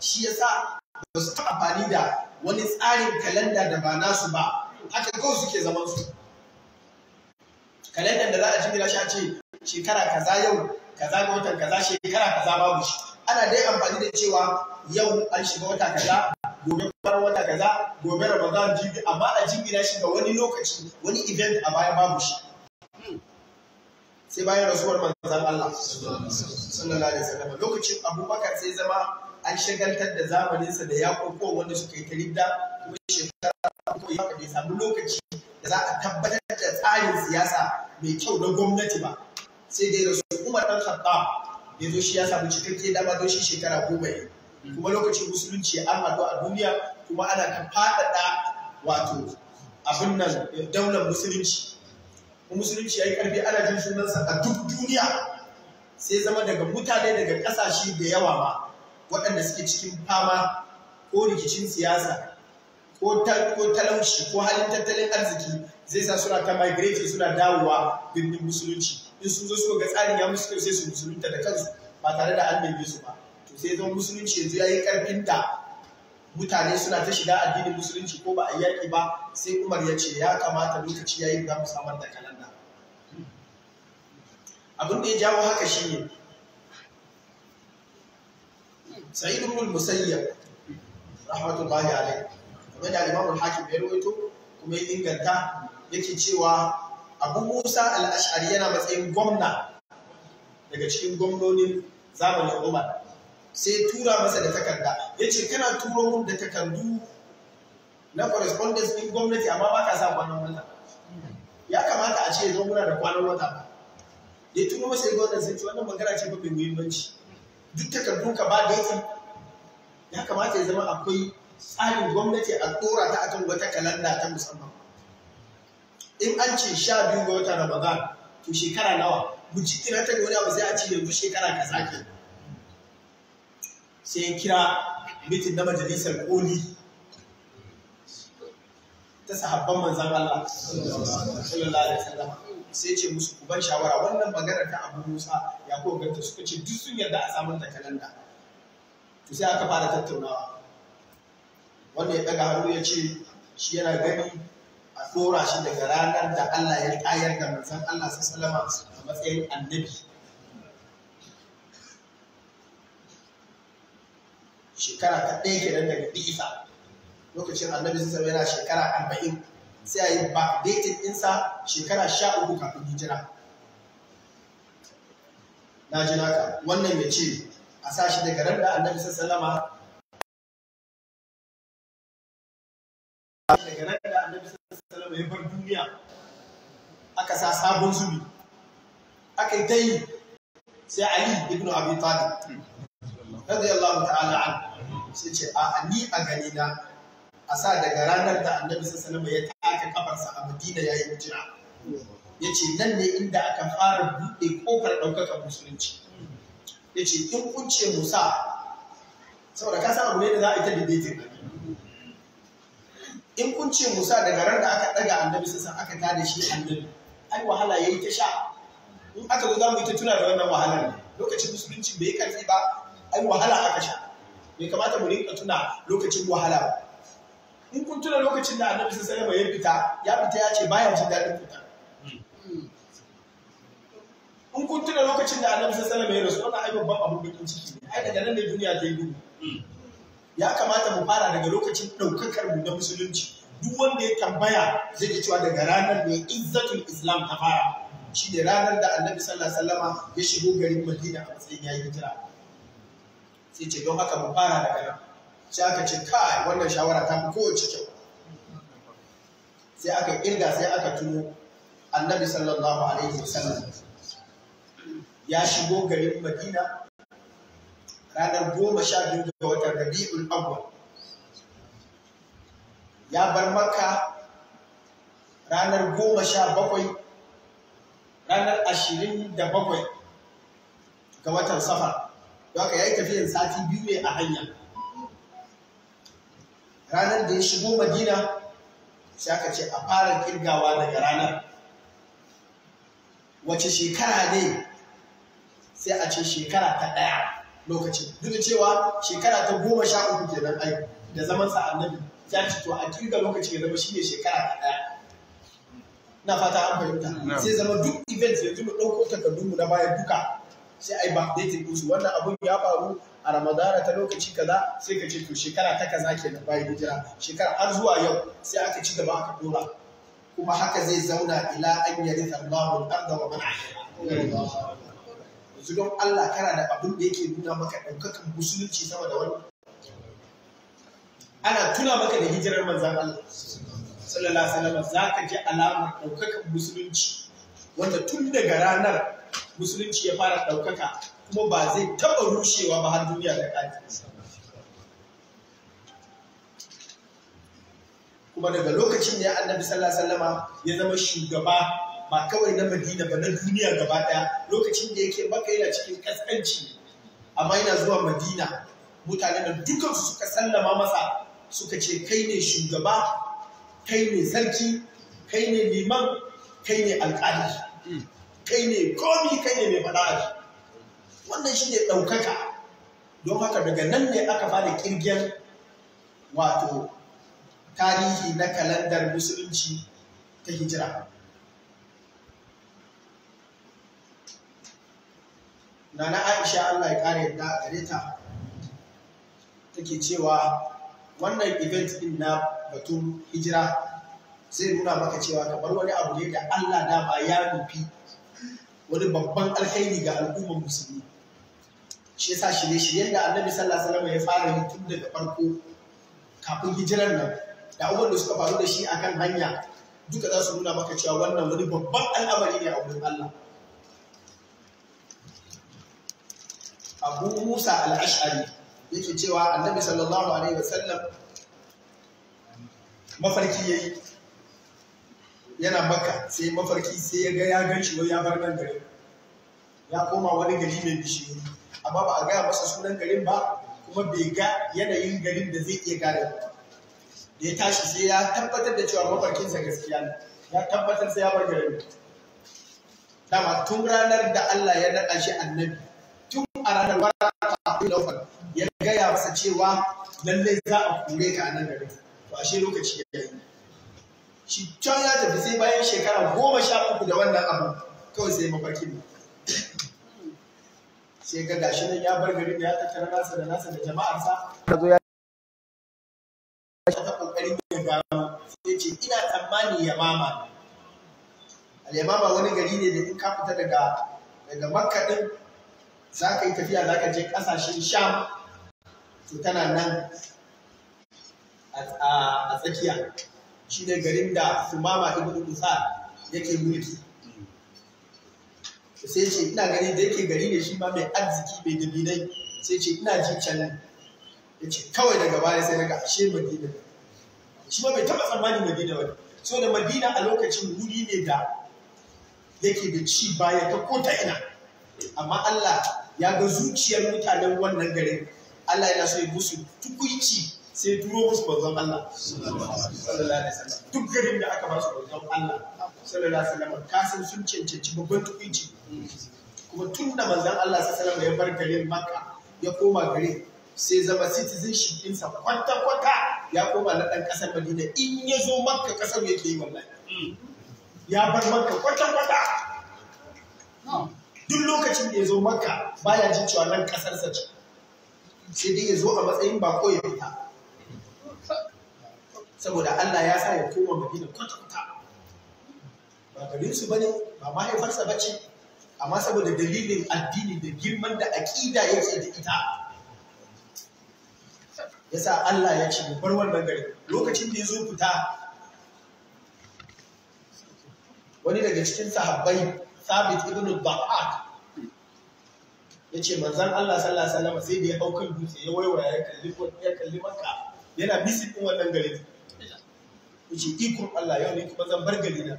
shi yasa ba su ta amfani da wani tsarin kalanda da ba nasu ba haka kawai suke zaman su kalandar da za a jimila shi a ce shekara kaza yau kaza ga watan kaza shekara kaza babu shi ana dai amfani da cewa yau an shiga wata kaza gobe bar wata kaza gobe ramadan jibi amma a jingina shi ga wani lokaci wani event a baya babu shi sai bayan rasuwar manzan Allah sallallahu alaihi wasallam lokacin abubakar sai zama an shagaltar da zamanin sa da yaƙoƙo wanda suka yi ta kuma shekara ko ya kaɗe samu lokaci da za a tabbatar da tsarin siyasa mai kyau na gwamnati ba sai dai rasu umar ɗan khattab ya zo shi ya samu cikakke dama don shi shekara goma ne. kuma lokacin musulunci ya amado a duniya kuma ana ta faɗaɗa wato abin nan daular musulunci musulunci ya yi ƙarfi ana jin sunansa a duk duniya sai zama daga mutane daga ƙasashe da yawa ma waɗanda suke cikin fama ko rikicin siyasa ko talauci ko halin tattalin arziki zai sa suna ta migrate suna dawowa birnin musulunci in sun zo suka ga tsarin ya musu kyau sai su musulunta da kansu ba tare da an bege su ba to sai zama musulunci yanzu ya yi ƙarfin da mutane suna ta shiga addinin musulunci ko ba a yaƙi ba sai umar ya ce ya kamata lokaci ya yi za mu samar da kalanda abin da ya jawo haka shi ne sa'id ibn musayyab rahmatullahi alayhi kamar da al al-hakim ya rawaito kuma ya inganta yake cewa abu musa al-ash'ari yana matsayin gwamna daga cikin gwamnonin zamanin umar sai tura masa da takarda ya ce kana turo mun da takardu na correspondence din gwamnati amma ba ka sa kwanan wata ya kamata a ce zo muna da kwanan wata ba ya turo masa ya gwamnati sai ce wannan magana ce mafi muhimmanci duk takardu ka ba yake ya kamata ya zama akwai tsarin gwamnati a tsora ta akan wata kalanda ta musamman in an ce sha biyu ga watan ramadan to shekara nawa buci kira ta ga wani abu sai a ce yanzu shekara ka sake sai ya kira mitin na majalisar koli ta sahabban manzan Allah sallallahu alaihi wasallam sai ce musu ku shawara wannan maganar ta Abu Musa ya ko ganta suka ce duk sun yarda a samun ta kalanda to sai aka fara tattaunawa wanda ya daga haru ya ce shi yana gani a tsora shi daga ranar da Allah ya kayar da manzon Allah sallama a matsayin annabi shekara ta ɗaya nan daga bi'isa lokacin annabi sun yana shekara arba'in sai a yi ba datin ɗinsa shekara sha uku kafin hijira na ji naka wannan ya ce a sa shi daga ran da annabi sallama daga nan da annabi wasallam bar duniya aka sa sabon zubi aka yi yi sai Ali ibn Abi Talib radiyallahu ta'ala an sai ce a ni a gani na a sa daga ranar da Annabi sallallahu alaihi ya taka kafarsa a Madina yayin hijira yace nan ne inda aka fara buɗe kofar ɗaukaka musulunci yace in kun ce Musa saboda ka san abu ne da za a yi ta in kun ce Musa daga ran da aka daga annabi san aka tada shi annabi ai wahala yayi ta sha in aka zo za mu ta tuna da wannan wahalar lokacin musulunci bai kanti ba ai wahala aka sha bai kamata mu rinka tuna lokacin wahala ba in kun tuna lokacin da annabi sai ya fita ya fita ya ce baya jin dadin fita in kun tuna lokacin da annabi sallallahu sai wasallam rasu wannan ai babban abun bikin ciki ai daga nan ne duniya ta yi duhu ya kamata mu fara daga lokacin ɗaukakar mu na musulunci duk wanda ya tambaya zai cewa daga ranar ne izzatul islam ta fara shi ne ranar da annabi sallallahu alaihi wasallama ya shigo garin madina a matsayin yayi hijira sai ce don haka mu fara daga nan sai aka ce kai wannan shawara ta fi kowace kyau sai aka kirga sai aka tuno annabi sallallahu alaihi wasallam ya shigo garin madina ranar goma sha biyu ga watan rabi'ul awwal ya bar makka ranar goma sha bakwai ranar ashirin da bakwai ga watan Safa, don ka ya yi tafiyan sati biyu ne a hanya ranar da ya shigo madina sai aka ce a fara kirgawa daga ranar wace shekara ne sai a ce shekara ta ɗaya lokacin duk da cewa shekara ta goma sha uku kenan ai da zaman sa annabi ya ci to a kirga lokacin ya zama shi ne shekara ta ɗaya na fata an fahimta sai zama duk event ya mu ɗauko takardunmu na baya duka sai ai ba dating kusu wannan abun ya faru a ramadana ta lokaci kaza sai ka ce to shekara ta kaza kenan bayan hijira shekara har zuwa yau sai aka ci gaba aka dora kuma haka zai zauna ila an yarith Allahu al-ardha wa man yanzu don Allah kana da abin da yake nuna maka ɗaukakan musulunci sama da wani ana tuna maka da hijirar manzan Allah sallallahu alaihi wasallam ka ji alamar ɗaukakan musulunci wanda tun daga ranar musulunci ya fara ɗaukaka kuma ba zai taɓa rushewa ba har duniya da ƙarfi kuma daga lokacin da ya annabi sallallahu alaihi wasallama ya zama shugaba ba kawai na madina ba na duniya gaba daya lokacin da yake maka yana cikin kaskanci amma yana zuwa madina mutane da dukan su suka sallama masa suka ce kai ne shugaba kai ne sarki kai ne liman kai ne alƙali kai ne komi kai ne mai faɗa wannan shi ne ɗaukaka don haka daga nan ne aka fara kirgiyar wato tarihi na kalandar musulunci ta hijira nana aisha allah ya kare yadda a gare ta take cewa wannan event ɗin na batun hijira zai nuna maka cewa kamar wani abu ne da allah dama ya nufi wani babban alkhairi ga al'ummar musulmi shi yasa shirye-shiryen da annabi sallallahu alaihi wasallam ya fara yi tun daga farko kafin hijirar nan da abubuwan da suka faru da shi akan hanya duka za su nuna maka cewa wannan wani babban al'amari ne a wurin Allah abu musa al-ash'ari yake cewa annabi sallallahu alaihi wasallam mafarki yayi yana makka sai mafarki sai ya ga ya ganshi ya bar nan garin ya koma wani gari mai bishiyoyi amma ba a gaya masa sunan garin ba kuma bai ga yanayin garin da zai iya gane da ya tashi sai ya tabbatar da cewa mafarkinsa gaskiya ne ya tabbatar sai ya bar garin dama tun ranar da Allah ya naɗa shi annabi a ranar waraka abdul awwal ya gaya masa cewa lallai za a kore ka a nan garin to ashe lokaci ya yi shi can ya tafi sai bayan shekara goma sha uku da wannan abu kawai sai mafarki ne sai ga gashi nan ya bar garin da ya tattara nasa da nasa da jama'arsa ka zo ya ta kokarin yin gano sai ce ina tsammani ya mama al-yamama wani gari ne da in ka fita daga daga makka din za ka yi tafiya za ka je ƙasashen sham to tana nan a tsakiya shi ne garin da sumama ibn usa yake mulki sai ce ina gani da yake gari ne shi ma mai arziki mai dabinai sai ce ina ji can ya ce kawai daga baya sai daga ashe madina shi ma bai taɓa tsammani madina wani so da madina a lokacin wuri ne da yake da ci baya ta ko ta ina amma Allah ya ga zuciyar mutanen wannan garin Allah yana so ya musu tukuici sai turo musu manzon Allah duk garin da aka ba su Allah sallallahu alaihi wasallam kasan sun cancanci babban tukuici kuma tun da manzon Allah sallallahu alaihi ya bar garin Makka ya koma garin sai zama citizenship ɗinsa kwata-kwata ya koma na ɗan ƙasar Madina in ya zo Makka ƙasar yake yi wallahi ya bar Makka kwata-kwata duk lokacin da ya zo makka baya ji cewa nan ƙasarsa ce sai dai ya zo a matsayin bako ya fita saboda Allah ya sa ya koma madina kwata-kwata ba garinsu ba ne ba mahaifarsa ba ce amma saboda dalilin addini da girman da aƙida yake da ita ya sa Allah ya ce bar wannan gari lokacin da ya zo fita wani daga cikin sahabbai sabit ibn al yace manzon Allah sallallahu alaihi wasallam sai da ya hau kan dutse ya waiwaya ya kalli ya kalli Makka yana bisi din wannan garin yace Allah yau ne kuma zan bar gari na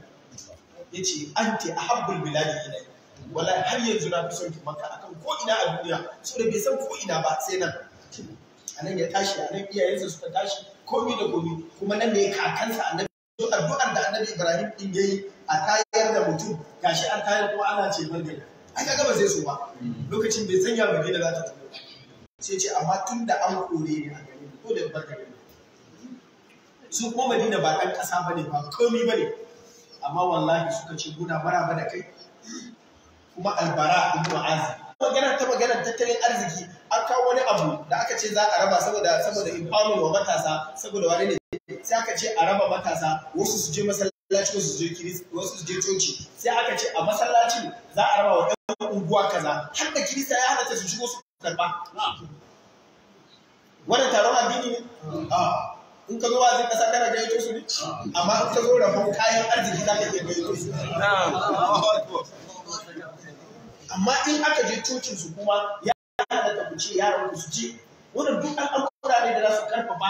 yace anti ahabbul biladi ilai wala har yanzu na fi son ki Makka akan ko ina a duniya da bai san ko ina ba sai nan anan ya tashi anan iyayensa suka tashi komi da komi kuma nan da ya kakansa to addu'ar da annabi ibrahim din yayi a tayar da mutum gashi an tayar kuma ana ce bargari ai kaga ba zai so ba lokacin bai sanya da za ta tafi sai ce amma tun da an kore ni a gari ko da bargari su kuma madina ba ɗan ƙasa ba ne ba komi ba ne amma wallahi suka ce muna maraba da kai kuma albara ibn azi maganar ta maganar tattalin arziki an kawo wani abu da aka ce za a raba saboda saboda ifamu wa matasa saboda wani ne sai aka ce a raba matasa wasu su je masallaci wasu su je wasu su je coci sai aka ce a masallaci za a raba wa ɗan unguwa kaza har da kirista ya halatta su shigo su karba wannan taron addini ne ah. Ah. in ka zo zai kasa kana gaya su ne ah. amma in ka zo rabon kayan arziki za ka iya gayyato su amma in aka je cocin su kuma ya halatta ku ce yaran su je Wannan duk an al'amura ne da za su karfafa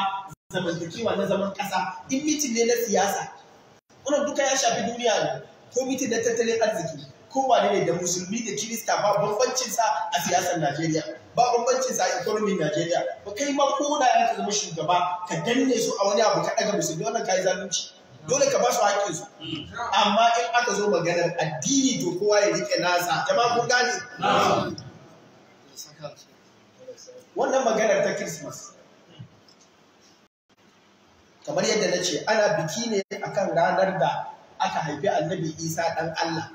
zamantakewa na zaman kasa in mitin ne na siyasa wannan duka ya shafi duniya ne ko mitin na tattalin arziki ko wane ne da musulmi da kirista ba bambancin sa a siyasar Najeriya ba bambancin sa a economy Najeriya ba kai ma ko da ya zama shugaba ka danne su a wani abu ka daga musulmi wannan kai zalunci dole ka ba su haƙƙin su amma in aka zo maganar addini to kowa ya rike nasa jama'a kun gane wannan maganar ta Christmas kamar yadda na ce ana biki ne akan ranar da aka haifi annabi isa dan Allah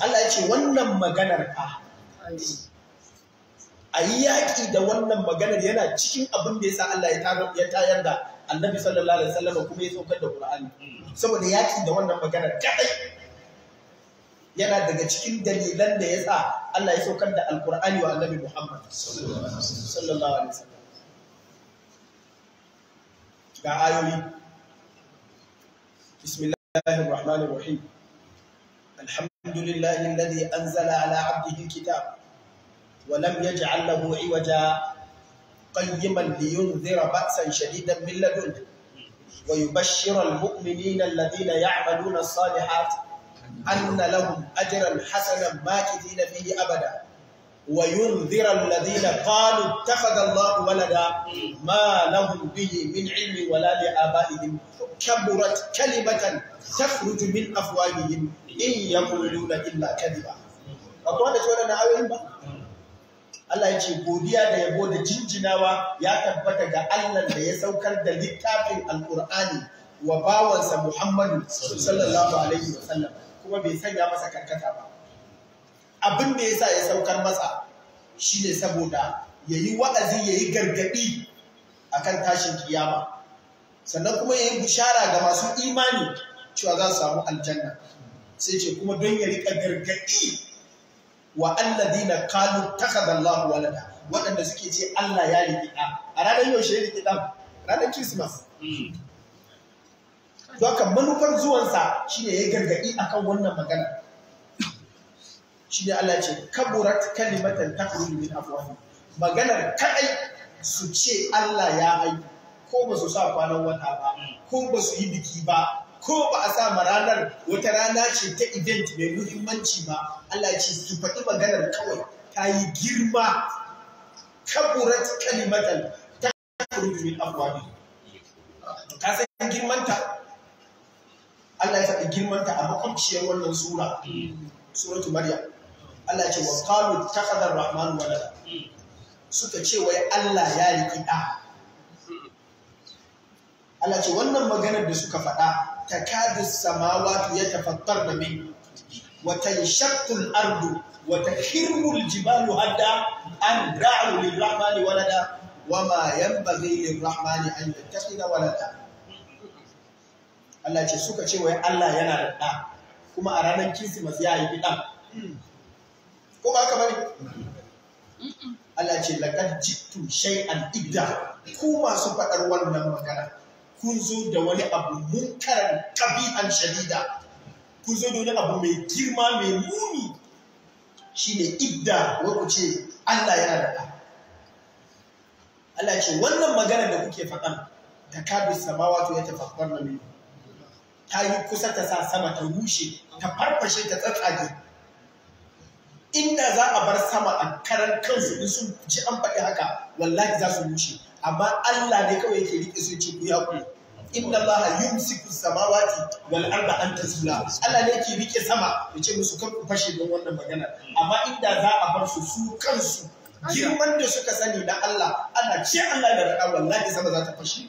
Allah ya ce wannan maganar ka a yi yaƙi da wannan maganar yana cikin abin da ya sa Allah ya tayar da annabi sallallahu alaihi wasallam kuma ya saukar da Qur'ani saboda yaki da wannan magana kadai yana daga cikin dalilan da ya sa Allah ya saukar da Alƙur'ani wa annabi Muhammad sallallahu alaihi wasallam ga ayoyi bismillahir rahmanir rahim alhamdulillahi alladhi anzala ala abdihi alkitab ولم يجعل له عوجا قيما لينذر بأسا شديدا من لدنه ويبشر المؤمنين الذين يعملون الصالحات أن لهم أجرا حسنا ماكثين فيه أبدا وينذر الذين قالوا اتخذ الله ولدا ما لهم به من علم ولا لآبائهم كبرت كلمة تخرج من أفواههم إن يقولون إلا كذبا. أقول لك أنا أعلم Allah ya ce godiya da yabo da jinjinawa ya tabbata ga Allah da ya saukar da littafin alkur'ani wa bawansa Muhammadu sallallahu alaihi wa sallam kuma bai sanya masa karkata ba abin da yasa ya saukar masa shine saboda yayi wa'azi yayi gargadi akan tashin kiyama sannan kuma yayi bishara ga masu imani cewa za su samu aljanna sai ce kuma don ya rika gargadi wa alladina qalu takhadha Allahu walada waɗanda suke ce Allah ya yi kida a ranar yau ya yi kida ranar Christmas to hmm. haka manufar zuwansa shine ya gargadi akan wannan magana shine Allah ce kaburat kalimatan takhruju min afwahi maganar kadai su ce Allah ya aiki ko ba su sa kwanan wata ba ko ba su yi biki ba ko ba a sa ma ranar wata rana ce ta event mai muhimmanci ba Allah ce su faɗi maganar kawai ta yi girma kaburat kalimatan ta kurudu min afwabi ka san girmanta Allah ya faɗi girmanta a makwabciyar wannan sura suratu maryam Allah ce wa qalu takhadha ar-rahman walada suka ce wai Allah ya riki da Allah ce wannan maganar da suka faɗa takadu samawati ya min da tanshaqqu al-ardu wa takhiru al-jibalu hadda an da'u lir-rahmani walada wama yanbaghi rahmani Allah ce suka ce wai Allah yana da ɗa kuma a ranar Kirsimas ya haifi ɗan. Ko ba ka bari? Allah ce laqad jittu shai idda ku masu faɗar wannan magana kun zo da wani abu munkaran ƙabi'an shadida kun zo da wani abu mai girma mai muni ne idda wa ku ce Allah ya da Allah Allah ce wannan magana da kuke faɗan da kabir samawatu ya tafakkar na ne ta yi kusa ta sa sama ta rushe ta farfashe ta tsatsage inda za a bar sama a karan kansu in sun ji an faɗi haka wallahi za su rushe amma Allah ne kawai yake rike sai ci ku ku inna Allah yumsiku samawati wal arda an tazula Allah ne yake rike sama ya ce musu kar ku fashe don wannan magana amma inda za a bar su su kansu girman da suka sani da Allah ana ce Allah da raka wallahi sama za ta fashe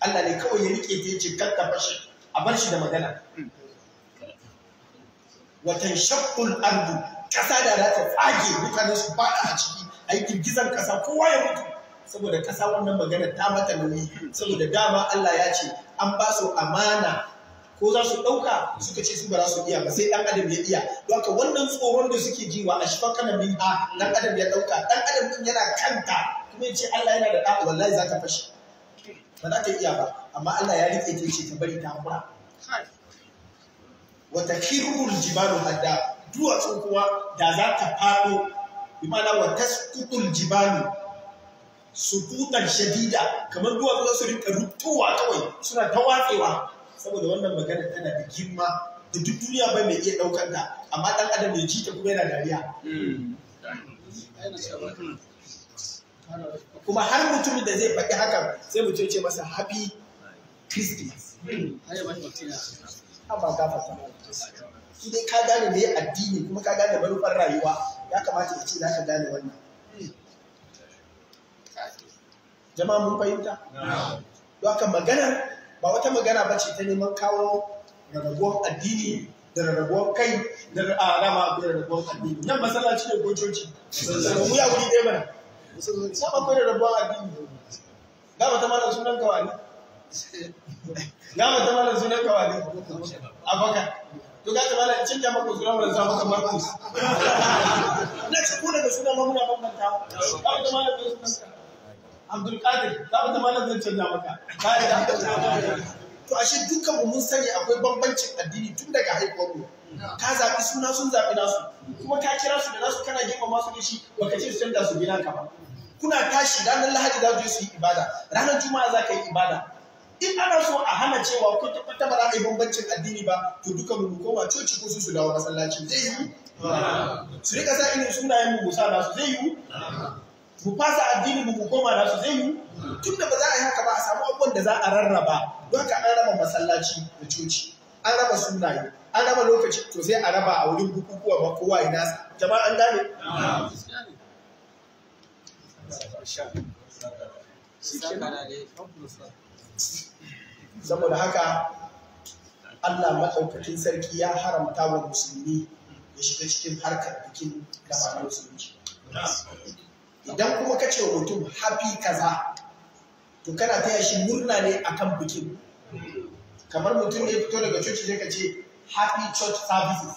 Allah ne kawai ya rike ta ce kar ka fashe a bar shi da magana watan shaqqul ardu kasa da za ta tsage mutane su fada a ciki a yi kasa kowa ya mutu saboda kasa wannan magana ta mata nauyi saboda dama Allah ya ce an ba su amana ko za su ɗauka suka ce su ba za su iya ba sai ɗan adam ya iya don haka wannan tsoron da suke ji wa ashfa kana min ha ɗan adam ya ɗauka ɗan adam din yana kanta kuma ya ce Allah yana da ɗa wallahi za ta fashe ba za ta iya ba amma Allah ya rike ta ce ta bari ta hakura wata kirurul jibalu hadda duwatsu kuwa da za ta faɗo bimana wa taskutul su sukutan shadida kamar duwatsu za su rinka rutuwa kawai suna ta watsewa saboda wannan magana tana da girma da duk duniya bai mai iya daukar ta amma dan adam ya ji ta kuma yana dariya kuma har mutumin da zai faɗi haka sai mutum ce masa happy christmas amma gafa Ki dai ka gane ne addini kuma ka gane manufar rayuwa ya kamata ya ce za ka gane wannan jama'a mun fahimta don haka magana ba wata magana ba ce ta neman kawo rarrabuwar addini da rarrabuwar kai da rama da rarrabuwar addini nan masallaci ne gojoji sannan mu ya wuri ɗaya mana sama akwai rarrabuwar addini ga mata malam sunan kawali ga mata malam sunan kawani abaka ku ga tabala in canja maku sunan ban sa maka Markus na ce ku daga suna ma muna bambanta ba da malam da sunan Abdul Qadir za ku malam zan canja maka yi da to ashe dukkan mu mun sani akwai bambancin addini tun daga haihuwar mu ka zaɓi suna sun zaɓi nasu kuma ka kira su da nasu kana girmama su da shi baka ce su canza su gina ka ba kuna tashi ranar lahadi za su je su yi ibada ranar juma'a za ka yi ibada in ana so a hana cewa ko tabbata ba za a yi bambancin addini ba to duka mu koma coci ko su su dawo masallaci zai yi su rika sa irin sunayen mu musa su zai yi mu fasa addini mu koma su zai yi tun da ba za a yi haka ba a samu abubuwan da za a rarraba don haka an raba masallaci da coci an raba sunaye an raba lokaci to sai a raba a wurin bukukuwa ba kowa ya nasa jama'a an gane Thank you. saboda haka Allah maɗaukakin sarki ya haramta wa musulmi ya shiga cikin harkar bikin da ba na musulunci idan kuma ka ce mutum hafi kaza to kana taya shi murna ne akan bikin kamar mutum ne fito daga coci sai ka ce happy church services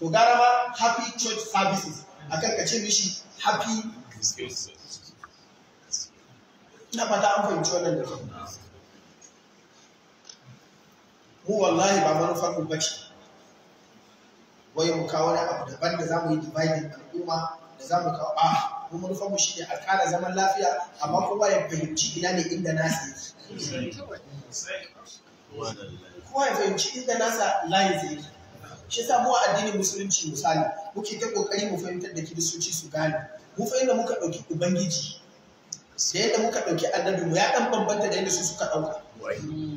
to gara ma happy church services akan ka ce mishi happy Ina fata an fahimci wannan da mu wallahi ba manufar mu ba ce. wai mu kawo wani abu daban da zamu yi dividing al'umma da zamu kawo a mu manufar mu shine a kara zaman lafiya amma kowa ya fahimci ina ne inda nasi kowa ya fahimci inda nasa layin zai yi shi sa mu a addinin musulunci misali muke ta kokari mu fahimtar da kiristoci su gane mu fahimta muka ɗauki ubangiji da yadda muka ɗauki annabi mu ya ɗan bambanta da yadda su suka ɗauka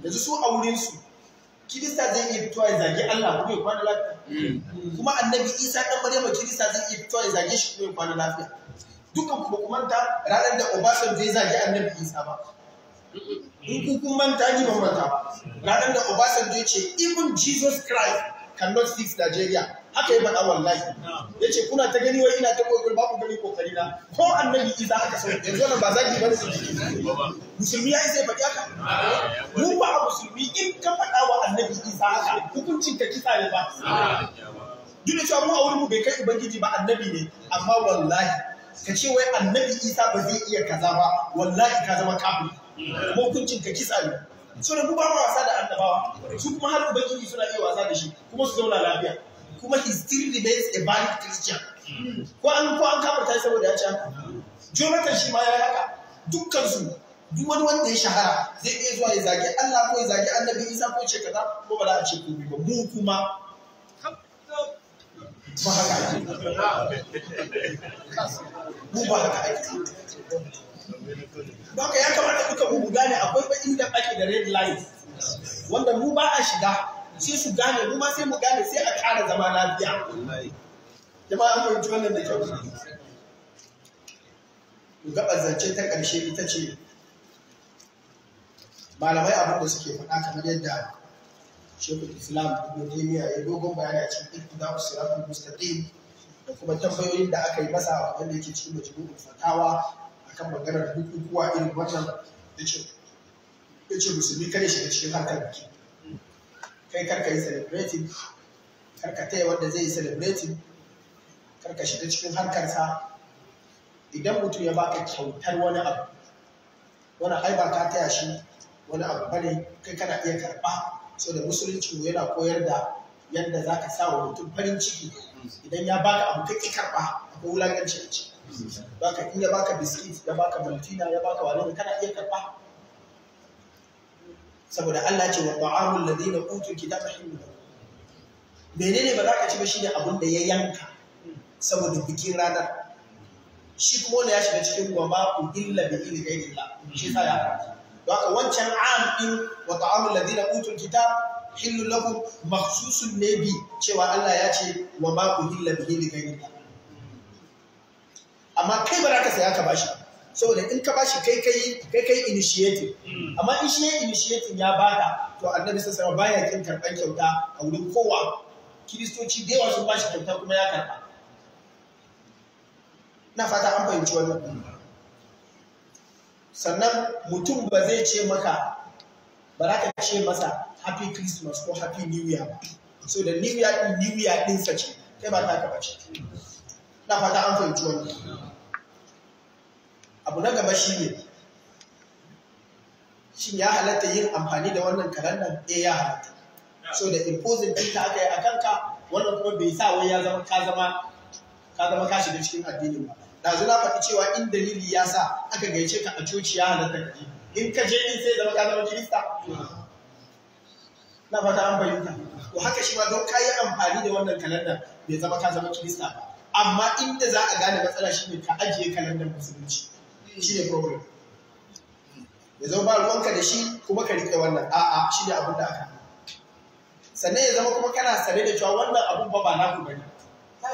yanzu su a wurin su kirista zai iya fitowa ya zagi Allah kuma ya kwana lafiya hmm. kuma annabi isa ɗan maryama kirista zai iya fitowa ya zage shi kuma ya kwana lafiya dukan ku kuma ta ranar da obasan zai zage annabi isa ba in ku kun manta ni ban manta ba ranar da obasan zai ce even jesus christ cannot fix nigeria aka yi faɗa wallahi ya ce kuna ta gani wai ina ta koyi ba ku gani kokari na ko annabi za aka sauya yanzu wannan ba za zaki ba su. musulmi ya yi zai faɗi haka mu ba musulmi in ka faɗa wa annabi za haka hukuncin ka kisa ne ba duk da cewa mu a wurin mu bai kai ubangiji ba annabi ne amma wallahi ka ce wai annabi isa ba zai iya kaza ba wallahi ka zama kafin kuma hukuncin ka kisa ne so da ku ba wasa da annabawa su kuma har ubangiji suna iya wasa da shi kuma su zauna lafiya kuma he still remains a valid Christian ko an ko an kama ta saboda ya ci Jonathan shi ma ya haka dukkan su duk wani wanda ya shahara zai iya zuwa ya zage Allah ko ya zage Annabi Isa ko ce kaza ko ba za a ce komai ba mu kuma ba haka ake mu ba haka ake ba ya kamata duka mu gane akwai ba inda ake da red light wanda mu ba a shiga sai su gane mu ma sai mu gane sai a ƙara zama lafiya jama'a an fahimci wannan da kyau ga zance ta ƙarshe ita ce malamai abin da suke faɗa kamar yadda shekul islam ibn taymiya ya dogon bayani a cikin ittida usratul mustaqim da kuma tambayoyin da aka yi masa wanda yake cikin majmu'ul fatawa akan maganar bukukuwa irin wannan yace yace musulmi kare shiga cikin harkar biki kai karka yi celebrating karka taya wanda zai yi celebrating karka shiga cikin harkarsa idan mutum ya baka kyautar wani abu wani ai ba ka taya shi wani abu bane kai kana iya karba so da musulunci yana koyar da yadda za ka sa wa mutum farin ciki idan ya baka abu kai ki karba akwai wulaƙanci a ciki baka in ya baka biskit ya baka maltina ya baka wani kana iya karba. saboda Allah ce wa ta'amul ladina utul kitaba hillu menene ba za ka ci ba shine abun da ya yanka saboda bikin ranar shi kuma wanda ya shiga cikin wa ma udilla bi ilmi illa shi sa ya haka wancan am din wa ta'amul ladina utul kitab hillu lahum makhsusun ne bi cewa Allah ya ce wa ma udilla bi ilmi illa amma kai ba za ka saya ka bashi ba saboda in ka bashi kai kai kai kai initiative hmm. amma in shi initiative ya bada to annabi sallallahu alaihi baya kin karban kyauta a wurin kowa kiristoci da yawa sun bashi kyauta kuma ya karba na fata an fahimci wannan sannan mutum ba zai ce maka ba za ka ce masa happy christmas ko happy new year so da new year din new year din sace ce kai ba ta ka bace na fata an fahimci wannan abu na gaba shi ne shin ya halatta yin amfani da wannan kalandar eh ya halatta so da imposing ɗinta aka yi a kanka wannan kuma bai sa wai ya zama ka zama ka zama ka shiga cikin addinin ba ɗazu na faɗi cewa in dalili ya sa aka gaice ka a coci ya halatta ka in ka je in sai zama ka zama kirista na fata an bayyana to haka shi ma don ka yi amfani da wannan kalandar bai zama ka zama kirista ba amma inda za a gane matsala shi ne ka ajiye kalandar musulunci shi ne problem ya zama ba ruwanka da shi kuma ka riƙe wannan a'a shi ne abin da aka yi, sannan ya zama kuma kana sane da cewa wannan abun ba ba ku bane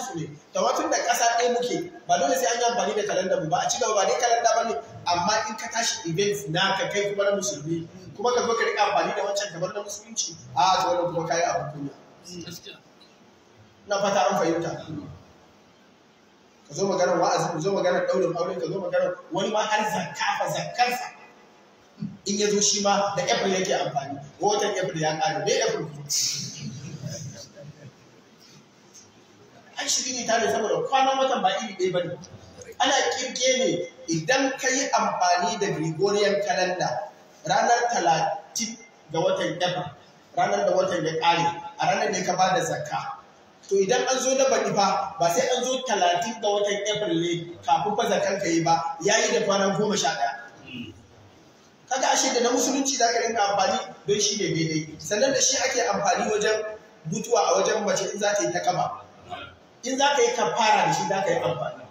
su ne tawatun da ƙasa ɗaya muke ba dole sai an yi amfani da kalanda ba a ci gaba ba dai kalanda ba ne amma in ka tashi event na ka kai kuma na musulmi kuma ka zo ka riƙa amfani da wancan kamar na musulunci a wannan kuma kayi abin kunya na fata an fahimta ka zo maganar wa'azi ka zo maganar daurin aure ka zo maganar wani ma har zakka fa zakkarsa in ya zo shi ma da april yake amfani watan april ya ƙare bai april an shiri ne tare saboda kwanan watan ba iri ɗaya bane ana kirge ne idan ka yi amfani da gregorian calendar ranar talatin ga watan april ranar da watan ya ƙare a ranar da ka ba da zakka to idan an zo na baɗi fa ba sai an zo talatin ga watan april ne kafin fa zakar ka yi ba ya yi da kwana goma sha ɗaya kaga a shiga na musulunci za ka rinka amfani don shi ne daidai sannan da shi ake amfani wajen mutuwa a wajen mace in za ta yi ta kama in za ka yi kafara da shi za ka yi amfani